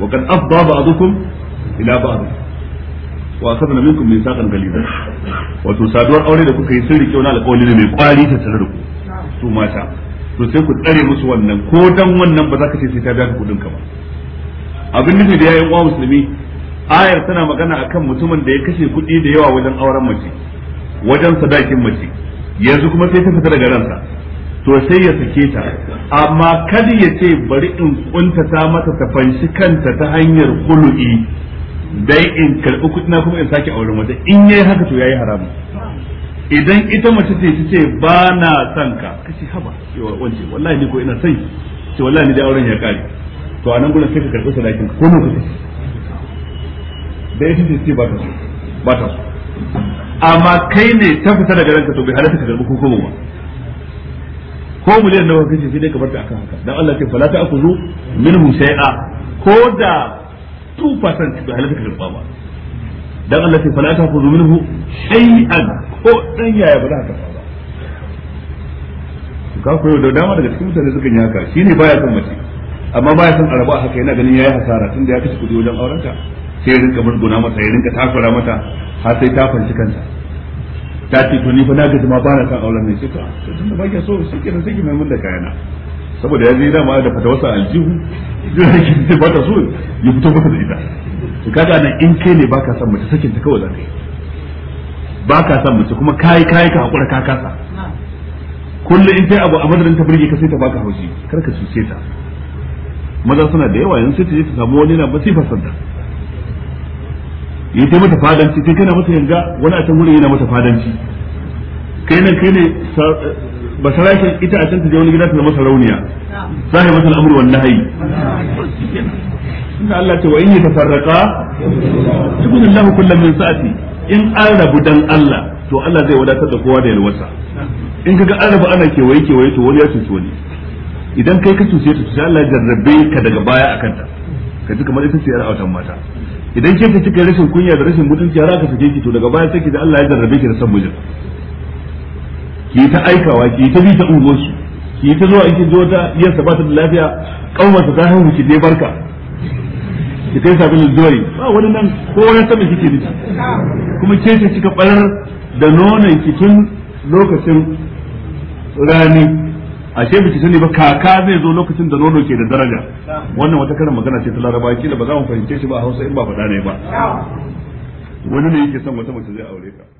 wa kad afda ba'dukum ila ba'd wa akhadna minkum mithaqan ghaliza wato saduwar aure da kuka yi sirri rike na alƙawari ne mai kwari ta tare da ku su mata to sai ku tsare musu wannan ko dan wannan ba za ka ce sai ta biya ka kudin ka ba abin nufi da yayin uwa musulmi ayar tana magana akan mutumin da ya kashe kuɗi da yawa wajen auren mace wajen sadakin mace yanzu kuma sai ta fita daga ransa to sai ya sake ta amma kada ya ce bari in kuntata mata ta fanshi kanta ta hanyar kulu'i dai in karɓi kuɗina kuma in sake auren wata in yayi haka to yayi haramu idan ita mace ce ta ce ba na son ka kace haba wallahi ni ko ina son ki ce wallahi ni dai auren ya kare to a nan gudun sai ka karɓi sadakin ko ne kuka da ya fi ce ba ta su ba ta so amma kai ne ta fita daga ranka to bai halatta ka karɓi ko ba ko miliyan nawa kace sai dai ka barta akan haka dan Allah ce fala ta akuzu minhu shay'a ko da 2% bai halatta ka karɓa ba dan Allah ce fala ta akuzu minhu shay'an ko dan yaya ba za ka ba ka koyo da dama daga cikin mutane suka yi haka shine baya son mace amma ba ya san araba haka yana ganin ya yi hasara tunda ya kashe kudi wajen aurenta sai ya rinka murguna mata ya rinka takura mata har sai ta fanci kanta ta ce to ni fa na gaji ma ba na san auren ne sai ah, ta da ba ya so shi nan sai mai mun da kayana saboda ya je ma da fata wasa aljihu idan yake ba ta so ya fito maka da ita to kaga nan in kai ne baka son mace sakin ta kawai za ka yi baka son mace kuma kai kai ka hakura ka kasa kullum in sai abu a madadin ta burge ka sai ta baka haushi kar ka cuce ta maza suna da yawa yanzu sai ta je ta samu wani na masifar santa yi ta mata fadanci kai kana mata yanga wani a can wurin yana mata fadanci kai nan kai ne ba sarakin ita a can ta je wani gida ta zama sarauniya za ka masa al'amur wannan hayi inda Allah ce wa in yi tafarraka tukun Allah kullum min sa'ati in an rabu dan Allah to Allah zai wadatar da kowa da yalwarsa in kaga an rabu ana kewaye kewaye to wani ya cuci wani idan kai ka cuce ta sai Allah ya jarrabe ka daga baya akan ta ka ji kamar ita ce yar autan mata idan ke ka cika rashin kunya da rashin mutunci har aka sake ki to daga baya sai ki da Allah ya jarrabe ki da san mujin ki ta aikawa ki ta bi ta ungosu ki ta zuwa in kin zo ta yin sabata da lafiya kaumarsa ta haihu ki dai barka ki kai sabin zuwari ba wani nan ko wani sabin kike miki kuma ke ce cika barar da nonon ki tun lokacin rani ashe biki sani ba kaka zai zo lokacin da nono ke da daraja wannan wata karin magana ce ta laraba kila ba za mu fahimce shi ba a hausa in ba faɗa ne ba wani ne yake son wata mace zai aure ka